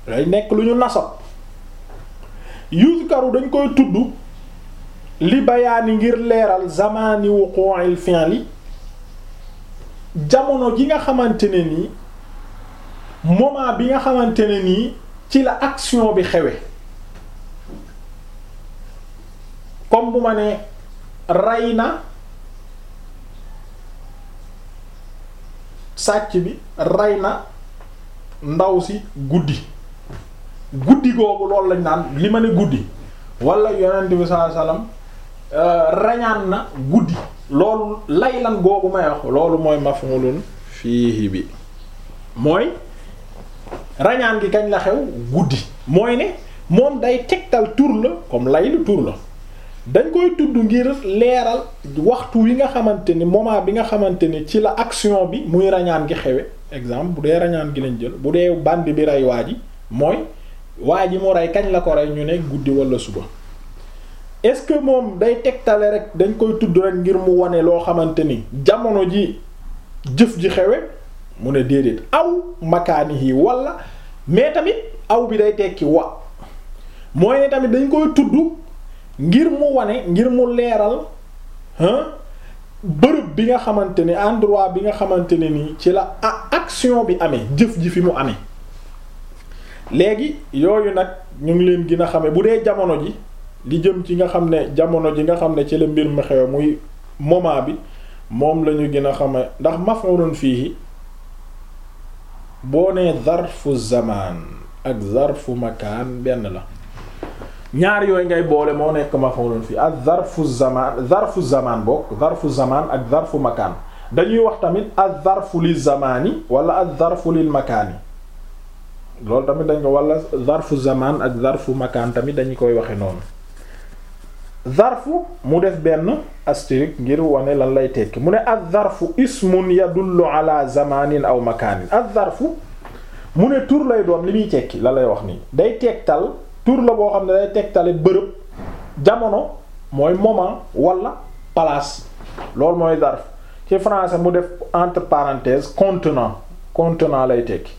lay nekk lu ñu nasab karu dañ koy tudd li bayaani ngir leeral zamani wuqu'il fi'li jamono ji nga xamante ne nii moment bi nga xamante ne nii ci la action bi xewe comme bu ma nee rey na sàcc bi ray na ndaw si guddi guddi googu loolu lañ naan li ma ne guddi wala yonent bi sallallahu alayhi euh, rañaan na guddi loolu laylan googu may wax loolu mooy maf'ulun fiihi bi mooy rañaan gi kañ la xew guddi mooy ne moom day tegtal tur la comme laylu tur la dañ koy tudd ngir leeral waxtu wi nga xamante ni moment bi nga xamante ni ci la action bi muy rañaan gi xewe exemple bu dee rañaan gi lañ jël bu dee bandi bi rey waa ji mooy waa ji mu rey kañ la ko rey ñu ne guddi wala suba est-ce que moom day tegtale rek dañ koy tudd rek ngir mu wane loo xamante ni jamono ji jëf ji xewe mu ne déedéet aw makaani yi walla mais tamit aw bi day tekki wa mooy ne tamit dañ koy tudd ngir mu wane ngir mu leeral bërëb bi nga xamante ne endroit bi nga xamante ne nii ci la action bi amee jëf ji fi mu amee léegi yooyu nag ñu ngi leen gën a xame bu dee jamono ji li jëm ci nga xam ne jamono ji nga xam ne ci la mbir mi xew muy moment bi moom lañu gën a xame ndax maf'ulun fii boo nee zarfu zamaan ak zarfu makaan benn la ñaar yooyu ngay boole moo nekk maf'ulun fii ak zarfu zamaan zarfu zamaan bokk zarfu zamaan ak zarfu makaan dañuy wax tamit ak zarfu lil zamaani wala ak zarfu lil makaani loolu tamit dañ ko wala zarfu zamaan ak zarfu makaan tamit dañu koy waxe noonu zarfu mu def benn astérisque ngir wane lan lay tekki mu ne ak zarfu ismun yadullu ala zamaanin aw makaanin ak zarfu mu ne tur lay doon li muy tekki lan lay wax nii day tegtal tur la boo xam ne day tegtale bërëb jamono mooy moment walla place loolu mooy zarf ci français mu def entre parenthèses contenant contenant lay tekki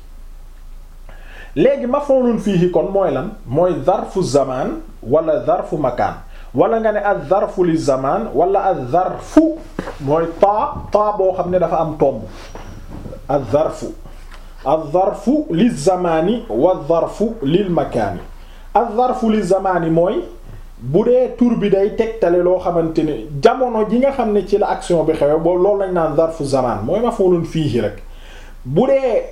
léegi maf'ulun fihi kon mooy lan mooy zarfu zaman wala darfu makaan wala nga ne ak zarfu li zaman wala ak zarfu mooy taa taa boo xam ne dafa am tomb ak zarfu ak zarfu li zamani wa zarfu lil makaani ak zarfu li yi mooy bu dee tur bi day tegtale loo xamante ni jamono ji nga xam ne ci la action bi xewe boobu loolu lañ naan zarfu zamaan mooy maf'ulun fiihi rek bu dee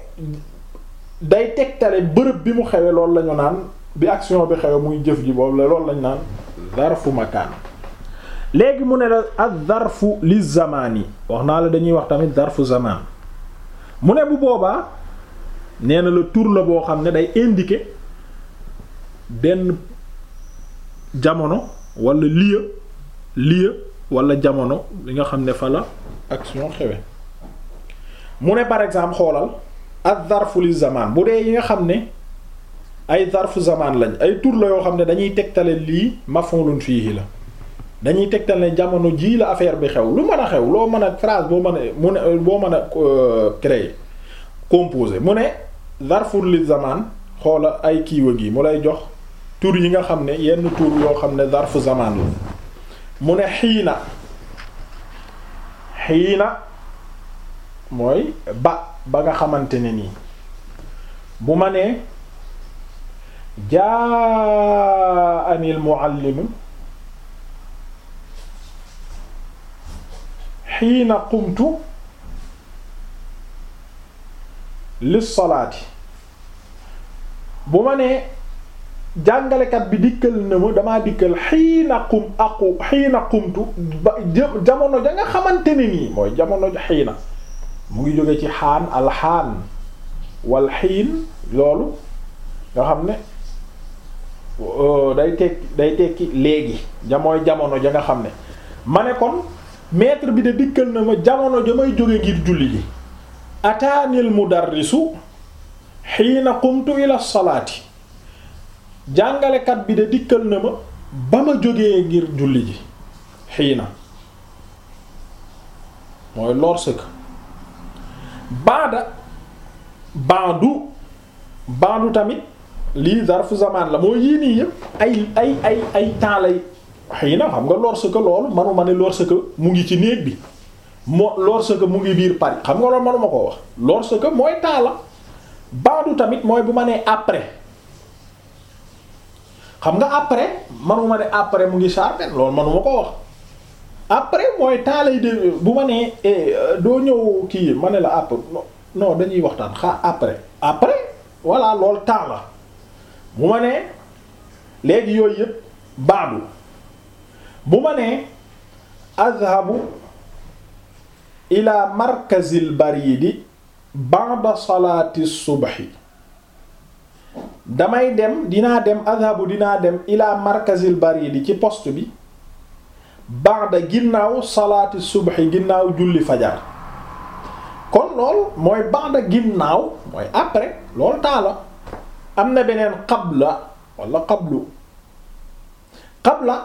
day tegtale bërëb bi mu xewe loolu lañu naan bi action bi xewe muy jëf ji boobu la loolu lañ naan zarfu léegi mu ne la az-zarfu li wax naa la dañuy wax tamit zarfu zamaan mu ne bu boobaa nee na la tur la boo xam ne day indiquer benn jamono wala lieu lieu wala jamono li nga xam ne fa la action xewe mu ne par exemple xoolal ak zarfu li bu dee yi nga xam ne ay zarfu zamaan lañ ay tur la yoo xam ne dañuy tegtale lii maf'ulun fihi la dañuy tegtale jamono jii la affaire bi xew lu mën a xew loo mën a phrase boo mën a mu ne boo mën a euh, créer composer mu ne zarfu li zamaan xoola ay kiiwa gi mu lay jox tur yi nga xam ne yenn tur yoo xam ne zarfu zamaan la mu ne xiina xiina mooy ba ba nga xamante ne nii bu ma nee jaa anil muallimu xiina qumtu lis salaati bu ma nee jàngalekat bi dikkal na ma damaa dikkal xiina qum aqu xiina jamono ja nga xamante ne nii mooy jamono xiina mu ngi jóge ci xaan alxaan wal xiin loolu nga xam ne euh, day tekki day tekki léegi ja mooy jamono ja nga xam ne ma ne kon maître bi de dikkal na ma jamono ja may jóge ngir julli ji ataanil mudarrisu xiina qumtu ila salaati jàngalekat bi de dikkal na ma ba ma jógee ngir julli ji xii na mooy lorsque baada baadu baadu tamit lii zarfu zamaan la moo yii nii yëpp ay ay ay ay temps na xam nga lorsque loolu manuma ne lorsque mu ngi ci néeg bi moo lorsque mu ngi biir Paris xam nga loolu manuma ko wax lorsque mooy temps baadu tamit mooy bu ma nee après xam nga après ma ne après mu ngi charpen loolu manuma ko wax après mooy temps lay de bu ma nee eh, euh, doo ñëw kii ma ne la après non dañuy waxtaan xaa après après voilà loolu temps la bu ma nee léegi yooyu yëpp baadu bu ma nee azhabu ila markazil baridi ba'da salati subhi damay dem dinaa dem adhabu dinaa dem ila markazil baridi ci poste bi ba'da ginnaaw salaati subhi ginnaaw julli fajar kon lool mooy ba'da ginnaaw mooy après loolu taala am na beneen qabla wala qablu xab la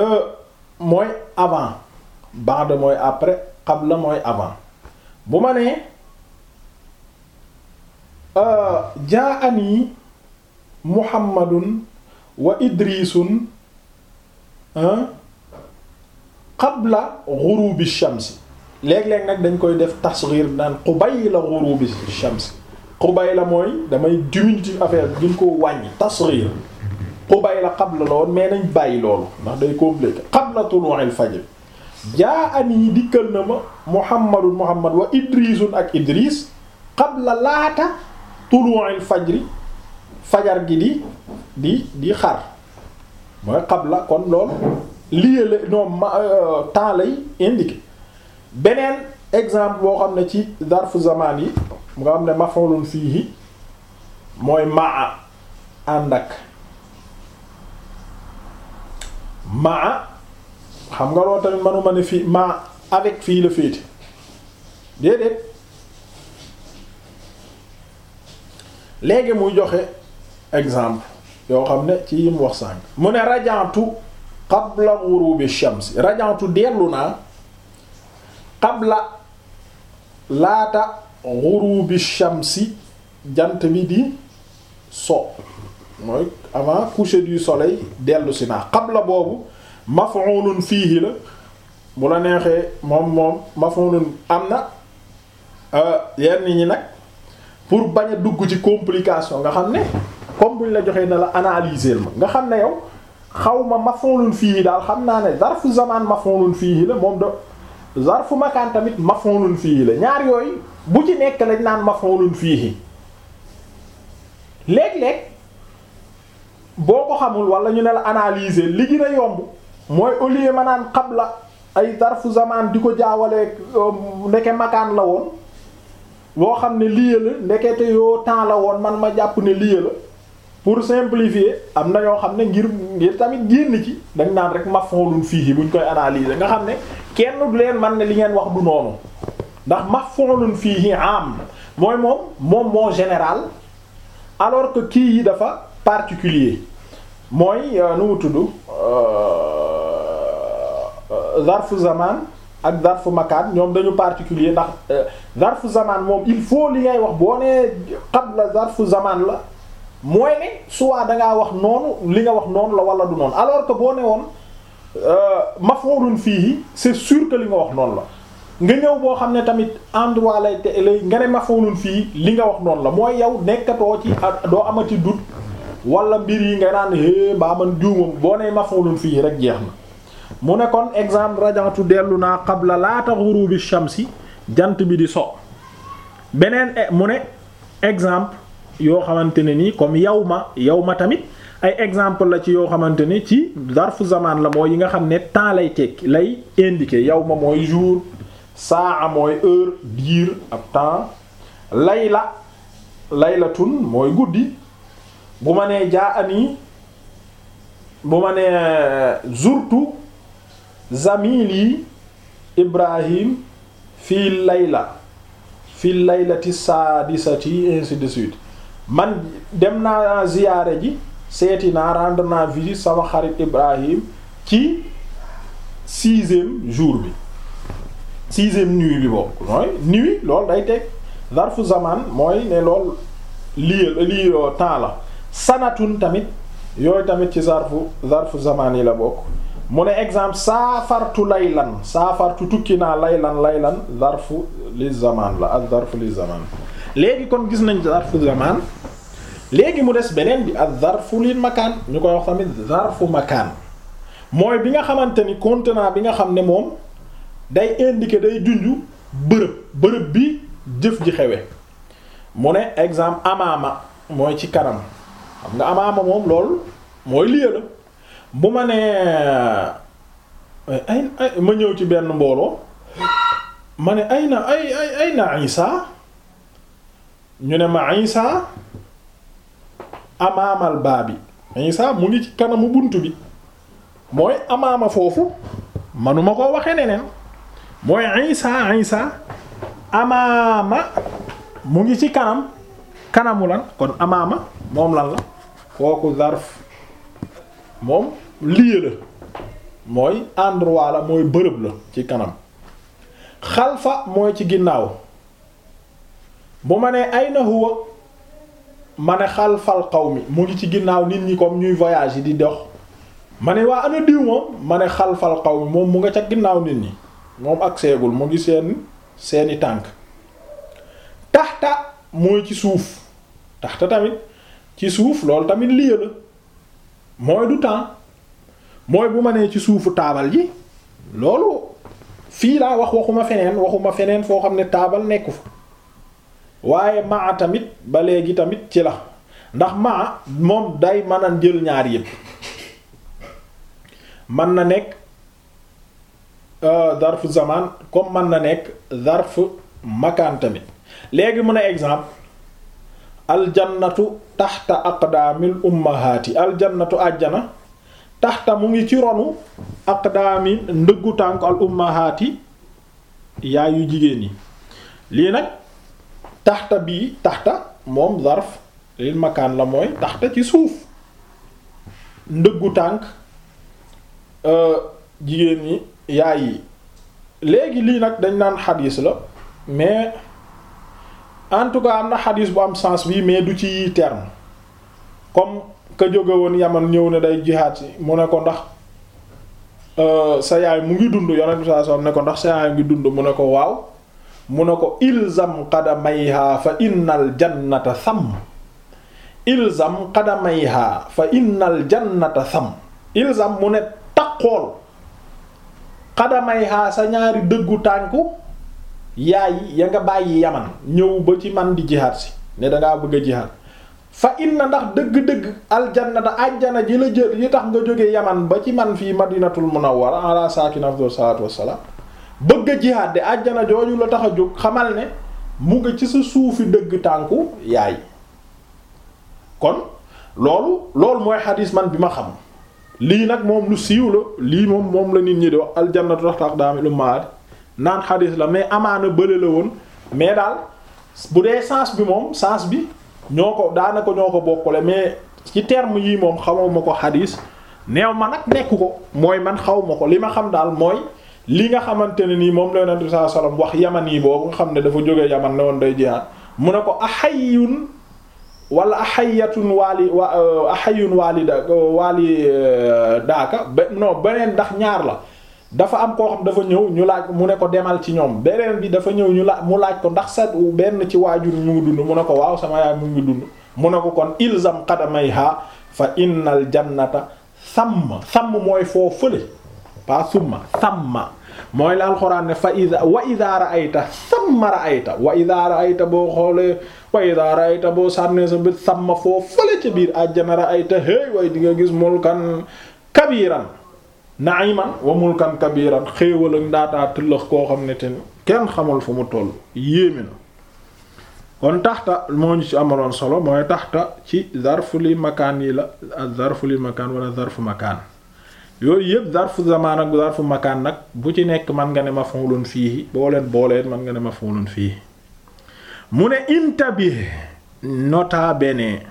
euh, mooy avant ba'da mooy après qabla mooy avant bu ma nee Uh, jaa'anii muhammadun wa idrisun uh, qabla ghurubi shamsi léeg-léeg nag dañ koy def tasghir naan qubayla ghurubi shamsi qubayla mooy damay diminutif affaire bi duñ ko wàññi tasghir qubayla qabla la woon mais nañ bàyyi lool ndax day compliqué qabla tulu'il fajr jaa anii dikkal na ma muhammadun muhammad wa idrisun ak idris qabla laata le tulu'il fajri fajar gi di di di xar mooy qabla kon loolu lii la ñoom ma euh, temps lay indiqué beneen exemple boo xam ne ci darfu zamaan yi mu nga xam ne maf'ulun fiihi mooy maa ànd ak maa xam nga loo tamit manuma ne fii maa avec fii la féete déedéet léegi mu joxe exemple yoo xam ne ci yim wax sànq mu ne rajantu qabla ghurubi shams rajantu dellu naa qabla laata ghurubi shamsi jant bi di so mooy avant coucher du soleil dellu naa xabla boobu maf'ulun fiihi la bu la neexee moom moom maf'ulun am na euh, yenn ñi nag pour bañ a dugg ci complication nga xam ne comme buñ la joxee na la analyser ma nga xam ne yow xaw ma maf'ulun fihi daal xam naa ne fu zamaan maf'ulun fii la moom da zarfu makaan tamit maf'ulun fihi la ñaar yooyu bu ci nekk lañ naan fii fihi léeg-léeg boo ko xamul walla ñu ne la analyser li gën a yomb mooy au lieu ma naan la ay fu zamaan di ko jaawalee euh, ndeke makaan la woon boo xam ne lié la ndekete yoo temps la woon man ma jàpp ne lié la pour simplifier am na ñoo xam ne ngir ngir tamit génn ci dañ naan rek maf'ulun fihi buñ koy analyser nga xam ne kenn du leen man ne li ngeen wax du noonu ndax maf'ulun fihi am mooy moom moom moo général alors que kii yi dafa particulier mooy euh, nu mu tudd euh, euh, zarfu zaman ak fu makaan ñoom dañu particulier ndax euh, fu zamaan moom il faut li ngay wax boo nee qabla zarfu zamaan la mooy ne soit da ngaa wax noonu li nga wax noonu la wala du noonu alors que boo ne woon euh, maf'ulun fihi c'est sûr que li nga wax noonu la nga ñëw boo xam ne tamit endroit lay te lay nga ne maf'ulun fihi li nga wax noonu la mooy yow nekkatoo ci doo amati dut wala mbir yi nga naan é baa man juumam boo ne maf'ulun fihi rek jeex na mu ne kon exemple rajantu dellu naa qabla laata ghurubi shamsi jant bi di so beneen eh, mu ne exemple yoo xamante ne nii comme ma yawma ma tamit ay exemple la ci yoo xamante ne ci zarfu zamaan la mooy yi nga xam ne temps lay tekki lay indiquer yawma mooy jour saa mooy heure diir ab temps layla laylatun mooy guddi bu ma nee jaa ani bu ma nee eh, zurtu zamili ibrahim fii layla fii laylati saadisati ainsi de suite man dem naa ziyaare ji seeti naa rendre naa visite sama xarit ibrahim ci sixième jour bi sixième nuit bi boobu mooy nuit loolu day teg zarfu zaman mooy ne lool lii lii temps la sanatun tamit yooyu tamit ci zarfu zarfu zaman yi la bokk mu ne exemple saafartu laylan saafartu tukki naa laylan laylan zarfu li zamaan la ak zarfu li zamaan léegi kon gis nañ zarfu zamaan léegi mu des beneen bi ak zarfu li makaan ñu koy wax tamit zarfu makaan mooy bi nga xamante ni contenant bi nga xam ne moom day indiquer day junju bërëb bërëb bi jëf ji xewe mu ne exemple amaama mooy ci kanam xam nga amaama moom lool mooy lieu la bu ma nee ay ma ñëw ci benn mbooloo ma ne ay na ay ay ay na Isa ñu ne ma Isa amaamal baabi Isa mu ngi ci kanamu bunt bi mooy amaama foofu manuma koo ne neen mooy Isa Isa amaama mu ngi ci kanam kanamu lan kon amaama moom lan la kooku zarf moom lii la mooy endroit la mooy bërëb la ci kanam xalfa mooy ci ginnaaw bu ma ay ayna huwa ma ne xalfal qawmi mu ngi ci ginnaaw nit ñi comme ñuy voyage yi di dox ma ne waa ana diw moom ma ne xalfal qawmi moom mu nga ca ginnaaw nit ñi moom ak seegul mu ngi seen seeni tànk taxta mooy ci suuf taxta tamit ci suuf loolu tamit lieu la mooy du temps mooy bu ma nee ci suufu taabal ji loolu fii laa wax waxuma feneen waxuma feneen foo xam ne taabal nekku fa waaye maa tamit ba léegi tamit ci la ndax ma moom day mën a jël ñaar yëpp mën na nekk euh, zarfu samaan comme mën na nekk zarfu makaan tamit léegi mun a exemple aljannatu taxta aqdaamil ummahaati aljannatu àjjana taxta mu ngi ci ronu aqdaami ndëggu tànk al ummahaati yaayu jigéen yi lii nag taxta bii taxta moom zarf lil makaan la mooy taxta ci suuf ndëggu tànk euh, jigéen yi yaay yi léegi lii nag dañ naan xadiis la mais en tout cas am na xadis bu am sens bii mais du ci terme comme ka jóge woon yaman ñëw ne day jihaad si mu ne ko ndax euh, sa yaay mu ngi dund yonent bi sallallahu ne ko ndax sa yaay ngi dund mu ne ko waaw mu ne ko ilzam qadamayha fa innal jannata sam ilzam qadamayha fa innal jannata sam ilzam mu ne taqool qadamayha sa ñaari dëggu tànku yaay ya nga bàyyi yaman ñëw ba ci man di jihaad si ne dangaa bëgg a jihaad fa na ndax dëgg-dëgg aljannata ajjana ji la jël yi tax nga jóge yaman ba ci man fii madinatul munawwara ala saakin afdal salaatu wassalaam bëgg a jihaad de ajjana jooju la tax a jóg xamal ne mu nga ci sa suufi dëgg tànku yaay kon loolu loolu mooy xadiis man bi ma xam lii nag moom lu siiw la lii moom moom la nit ñi di wax aljannatu tax tax daami lu maat naan xadis la mais amaana bële la woon mais daal bu dee sens bi moom sens bi ñoo ko daanaka ñoo ko bokkule mais ci terme yii moom xamuma ko xadis neew ma nag nekk ko mooy man xaw ma ko li ma xam daal mooy li nga xamante ne nii moom la yonent bi sallallahu alayhi wasallam wax yaman yi boobu nga xam ne dafa jógee yaman ne woon day jihaad mu ne ko ahayun wala ahayatun waali wa ahayun waali da waali eh, daaka ba non beneen ndax ñaar la dafa am koo xam dafa ñëw ñu laaj mu ne ko demal ci ñoom beneen bi dafa ñëw ñu laaj mu laaj ko ndax sa benn ci waajur ñu ngi dund mu ne ko waaw sama yaay mu ngi dund mu ne ko kon ilzam qadamayha fa innal jannata samma samm mooy foo mooy la alxuraan ne fa ida wa ida ra'ayta samma ra'ayta boo xoolee wa ida boo sànnee sa bët samma foo fële ca biir àjjana ra'ayta hey way di nga gis mulkan kabiran na'iman wa mulkan kabiran xéewal ak ndaataa tëllëx koo xam ne te kenn xamul fu mu toll yéeme na kon taxta moo ñu ci amaloon solo mooy taxta ci zarfu li makaan yi la zarfu li makaan wala zarfu makaan yooyu yëpp zarfu zamaan ak zarfu makaan nag bu ci nekk man nga ne maf'ulun fiihi boo leen booleen man nga ne maf'ulun fiihi mu ne intabih nota bene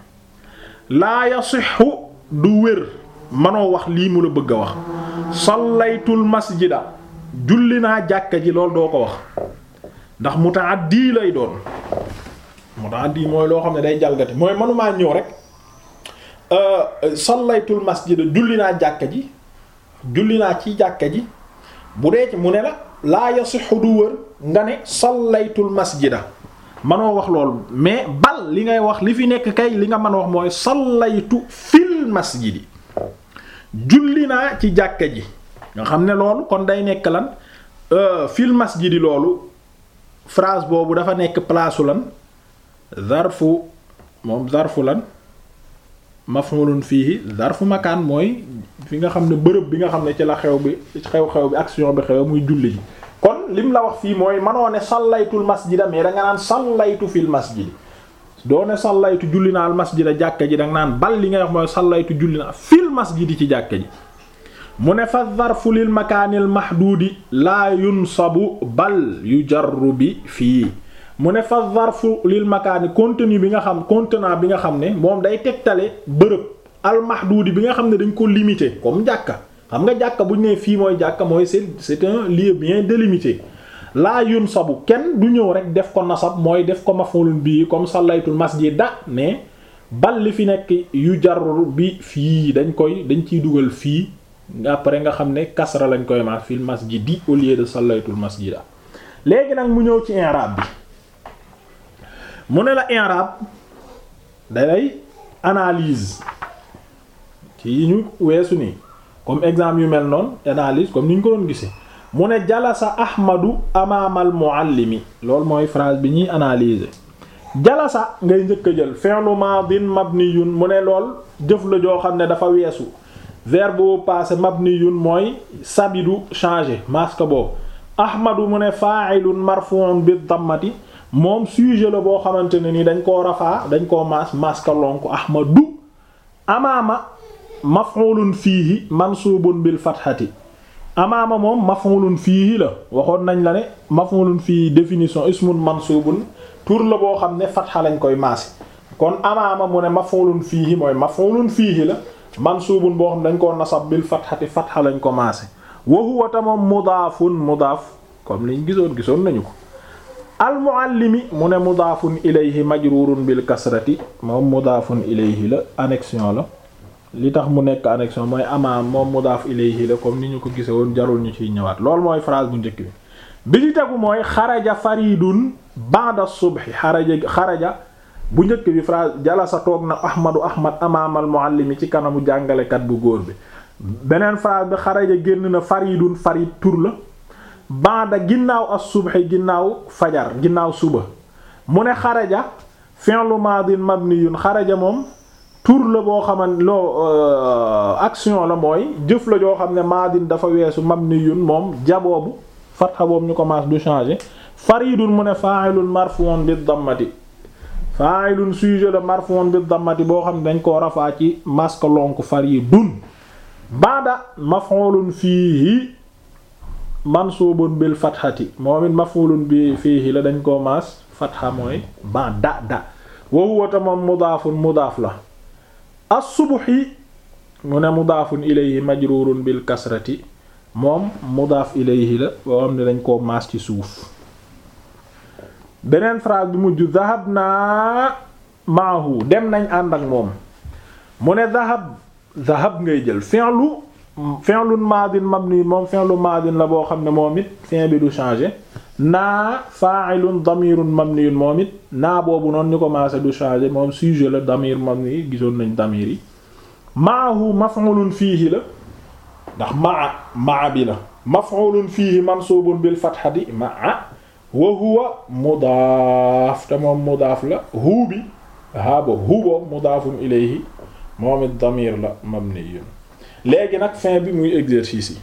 laa yasixu du wér manoo wax lii mu la bëgg a wax sallaytul masjida julli naa jàkka ji loolu doo ko wax ndax mu mutaaddi lay doon dii mooy loo xam ne day jalgati mooy manumaa ñëw rek euh, sallaytul masjida julli naa jàkka ji julli naa ci jàkka ji bu dee ci mu ne la laa yasixu du wër nga ne sallaytul masjida manoo wax loolu mais bal li ngay wax li fi nekk kay li nga mën a wax mooy sallaytu fil masjidi julli naa ci jàkka ji nga xam ne loolu kon day nekk lan euh, fil masjidi loolu phrase boobu dafa nekk palaasu lan zarfu moom zarfu lan fii fihi zarfu makaan mooy fi nga xam ne bërëb bi nga xam ne ci la xew bi xew-xew bi action bi xew muy julli ji kon lim la wax fii mooy manoo ne sallaytul masjida mais da nga naan sallaytu fil masjidi doo ne sallaytu julli naa al masjida jàkka ji danga naan bal li nga wax mooy sallaytu julli naa fil masjidi ci jàkka ji mu ne fa zarfu lil makaanil mahduudi laa yunsabu bal yu jarru bi fii mu ne lil makaani contenu bi nga xam contenant bi nga xam ne moom day tegtale bërëb al mahduudi bi nga xam ne dañ ko limité comme jàkka xam nga jàkka bu ñu nee fii mooy jàkka mooy c'est c'est un lieu bien délimité laa yun sabu kenn du ñëw rek def ko nasab mooy def ko mafulun bii comme sallaytul masjida mais bal li fi nekk yu jar bi fii dañ koy dañ ciy dugal fii après nga xam ne kasra lañ koy ma di masjidi au lieu de sallaytul masjida léegi nag mu ñëw ci i'rab bi mu ne la i'rab dalay analyse ci ñu weesu nii comme exemple yu mel noonu analyse comme ni ñu ko doon gisee mu ne jalasa ahmadu amaamal muallimi loolu mooy phrase bi ñuy analyser jalasa ngay njëkk a jël mab ni mabniyun mu ne lool jëf la joo xam ne dafa weesu verbe bu ni mabniyun mooy sabidu changé masque boobu ahmadu mu ne fa'ilun marfu'un bi dammati moom sujet la boo xamante ne ni dañ koo rafaa dañ koo maas masque lonk ahmadu amaama fii man mansuubun bil fathati amaama moom maf'ulun fiihi la waxoon nañ la ne maf'ulun fiihi définition ismun mansubun tur la boo xam ne fatxa lañ koy maase kon amaama mu ne maf'ulun fiihi mooy maf'ulun fiihi la mansubun boo xam ne dañ koo nasab bil fatxati fatxa lañ ko maase wa huwa tamam mudaafun mudaaf kon liñ gisoon gisoon nañu ko al muallimi mu ne mudaafun ilayhi majrurun bil kasrati moom mudaafun ilayhi la annexion la li tax mu nekk annexion mooy amaa moom mudaaf ilayhi la comme ni ñu ko gise woon jarul ñu ciy ñëwaat loolu mooy phrase bu njëkk bi bi ci tegu mooy xaraja faridun ba'da subhi xaraja bu njëkk bi phrase jala sa toog na ahmadu ahmad amaamal muallimi ci kanamu jàngalekat bu góor bi beneen phrase bi xaraja génn na faridun farid tur la ba'da ginnaaw as subhi ginnaaw fajar ginnaaw suba mu ne xaraja fi'lu maadin mabniyun xaraja moom tur la boo xaman loo euh, action la mooy jëf la joo xam ne maadin dafa weesu mabniyun moom jaboobu fatxa boobu ñu commence du changer faridun mu ne far marfu'un bi dammati fa'ilun sujet la marfu'un bi dammati boo xam ne dañ koo rafaa ci maske lonk faridun baada maf'ulun fiihi mansubun bil fatxati moom it maf'ulun bi fiihi la dañ koo maas fatxa mooy ba da da wa huwa tamam mudaafun la as-subhi mu ne mudaafun ilayhi majruurun bil kasrati moom mudaaf ilayhi la boo xam ne dañ koo maas ci suuf beneen phrase bi mujj dhahab naa maahu dem nañ ànd ak moom mu ne dhahab dhahab ngay jël fi'lu Ah. fi'lun maadin mabni moom fi'lun maadin la boo xam ne moom it fin bi du changer naa fa'ilun damirun mabniyun moom it naa boobu noonu ñu commencé du changer moom sujet la damir mabni gisoon nañ damir yi maahu maf'ulun fiihi la ndax maa maa bi la maf'ulun fiihi mansuubun bil fathati maa wa huwa mudaaf te moom mudaaf la huu haa boobu huu boobu mudaafun ilayhi moom it damir la mabniyun léegi nag fin bi muy exercice yi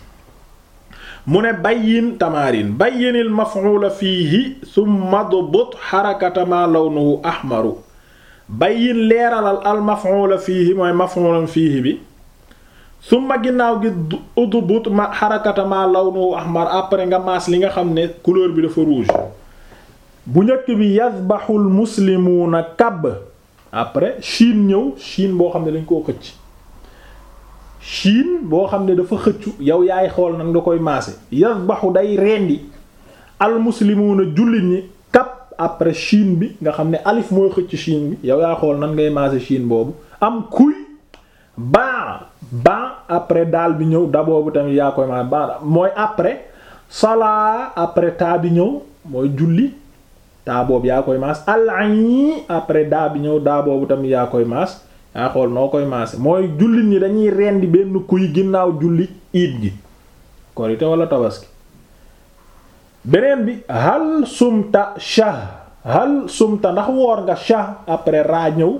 mu ne bayyin tamarin bayyinil maf'ula fiihi thumma dubut harakata ma lawnuhu ahmaru bayyin leeralal al maf'ula fiihi mooy maf'ulan fiihi bi summa ginnaaw gi udubut ma xarakata ma ahmar après nga maas li nga xam ne couleur bi dafa rouge bu njëkk bi yazbaxul muslimuuna kàbb après Chine ñëw Chine boo xam ne dañ ko xëcc chiin boo xam ne dafa xëccu yow yaay xool nag nga koy maase yasbaxu day rendi almuslimuuna jullit ñi kap après chiin bi nga xam ne alif mooy xëcc chiin bi yow yaay xool nan ngay maase chiin boobu am kuy baa baa après daal bi ñëw da boobu tamit yaa koy maase baa mooy après salaa après taa bi ñëw mooy julli taa boobu yaa koy maas al après daa bi ñëw daa boobu tamit yaa koy maas yaa ah, xool noo koy maase mooy jullit ñi dañuy rendi benn kuy ginnaaw julli iid gi korite wala tabaski beneen bi hal sumta shah hal sumta ndax woor nga shah après raa ñëw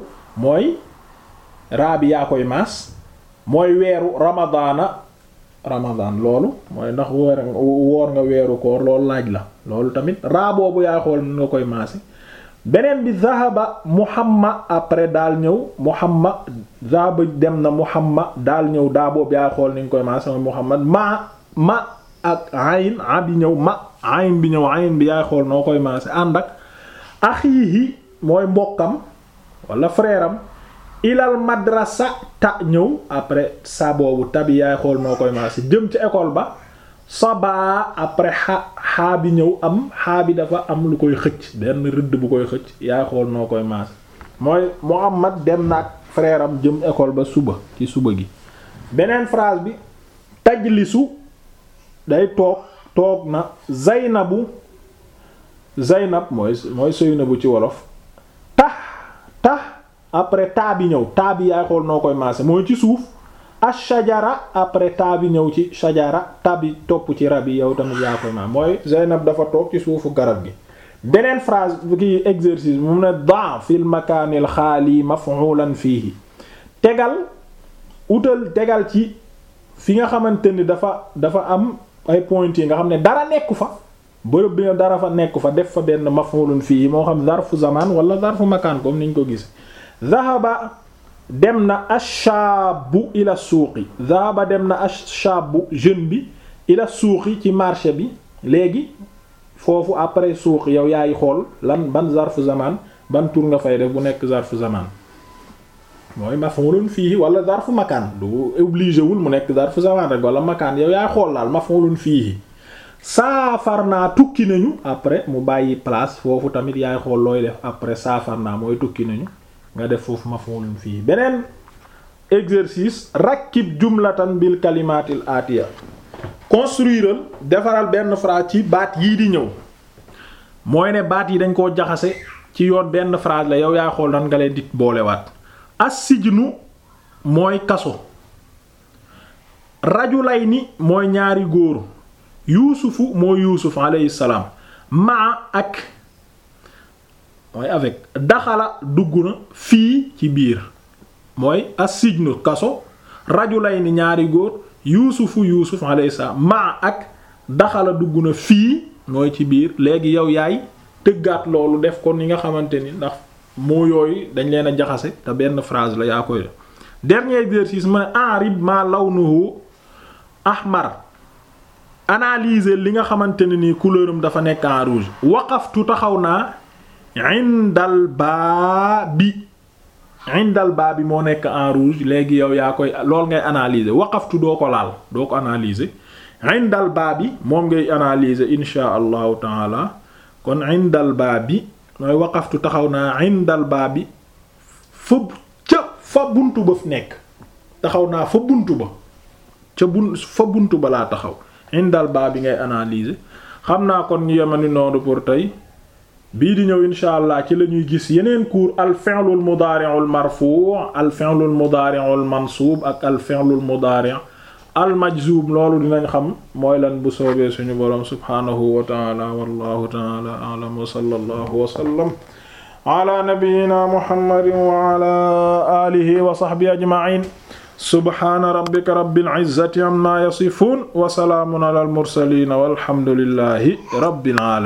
mooy raa bi yaa koy maas mooy weeru ramadaana ramadaan loolu mooy ndax woor woor nga weeru koor loolu laaj la loolu tamit raa boobu yaa xool nga koy maase beneen bi zahaba muhamma après daal ñëw muhamma zahaba dem na muhamma daal ñëw daa boobu yaay xool ni nga koy maa sama muhammad ma ma ak ayn a bi ñëw ma ayn bi ñëw ayn bi yaay xool noo koy maase ànd ak axiihi mooy mbokkam wala frère am ilal madrasa ta ñëw après sa boobu tabi yaay xool noo koy maase jëm ci école ba sabaa après xa xaa bi ñëw am xaa bi dafa am lu koy xëcc benn rëdd bu koy xëcc yaay xool noo koy maas mooy Muhammad dem na ak frère am jëm école ba suba ci suba gi beneen phrase bi tajlisu day toog toog na Zaynabu Zaynab mooy mooy Seynabu ci wolof ta ta après taa bi ñëw taa bi yaay xool noo koy maase mooy ci suuf ashajara après taa bi ñëw ci shajara taa bi topp ci rab yi yow tamit yaa koy maam mooy Zeynab dafa toog ci suufu garab gi beneen phrase ki exercice mu ne da fil makaanil xaali maf'ulan fiihi tegal utal tegal ci fi nga xamante ni dafa dafa am ay point yi nga xam ne dara nekku fa bërëb bi nga dara fa nekku fa def fa benn maf'ulun fiihi moo xam zarfu zaman wala zarfu makaan ni ñu ko gis dem na bu ila suuqi zaaba dem na ashaabu jeune bi ila suuqi ci marché bi léegi foofu après suuq yow yaay xool lan ban zarfu zamaan ban tour nga fay def bu nekk zarfu zamaan mooy maf'ulun fiihi wala zarfu makaan du obligé wul mu nekk zarfu zamaan rek wala makaan yow yaay xool laal maf'ulun fiihi saafar naa tukki nañu après mu bàyyi place foofu tamit yaay xool looy def après saafar naa mooy tukki nañu nga def foofu maf'ulun fii beneen exercice rakkib jumlatan bil kalimatil atiya construire defaral benn phrase ci baat yii di ñëw mooy ne baat yi dañ koo jaxase ci yoon benn phrase la yow yaay xool nan nga leen di boolewaat as-sijnu mooy kaso ni mooy ñaari góor yuusufu mooy yuusuf alayhi salaam ak mooy avec daxala dugg na fii ci biir mooy assijnu kaso lay rajulayni ñaari góor yuusufu yuusuf alayhi salaam maa ak daxala dugg na fii mooy ci biir léegi yow yaay tëggaat loolu def ko ni nga xamante ni ndax moo yooyu dañ leen a jaxase te benn phrase la yaa koy def dernier exercice mu ne law nu lawnuhu ahmar analyser li nga xamante ne ni couleuram dafa nekk en rouge waqaftu taxaw naa indal baa bi indal baa bi moo nekk en rouge léegi yow yaa koy lool ngay analyser waqaftu doo ko laal doo ko analyser indal baa bi moom ngay analyser insha allahu taala kon indal baa bi mooy waqaftu taxaw naa indal baa bi fa ca fa buntu ba fu nekk taxaw naa fa buntu ba ca bun fa buntu ba laa taxaw indal baa bi ngay analyser xam naa kon ñu yemani noonu pour tey bii di ñëw insha allah ci la ñuy gis yeneen cours al fi'lul mudari'ul marfu' al fi'lul mudari'ul mansub ak al fi'lul mudari' al majzub loolu dinañ xam mooy lan bu soobee suñu boroom subhaanahu wa ta'ala wallahu ta'ala a'lam wa sallallahu wa sallam ala nabiyyina muhammadin wa ala alihi wa sahbihi ajma'in subhana rabbika rabbil izzati amma yasifun wa salaamun ala al mursalin walhamdulillahi rabbil alamin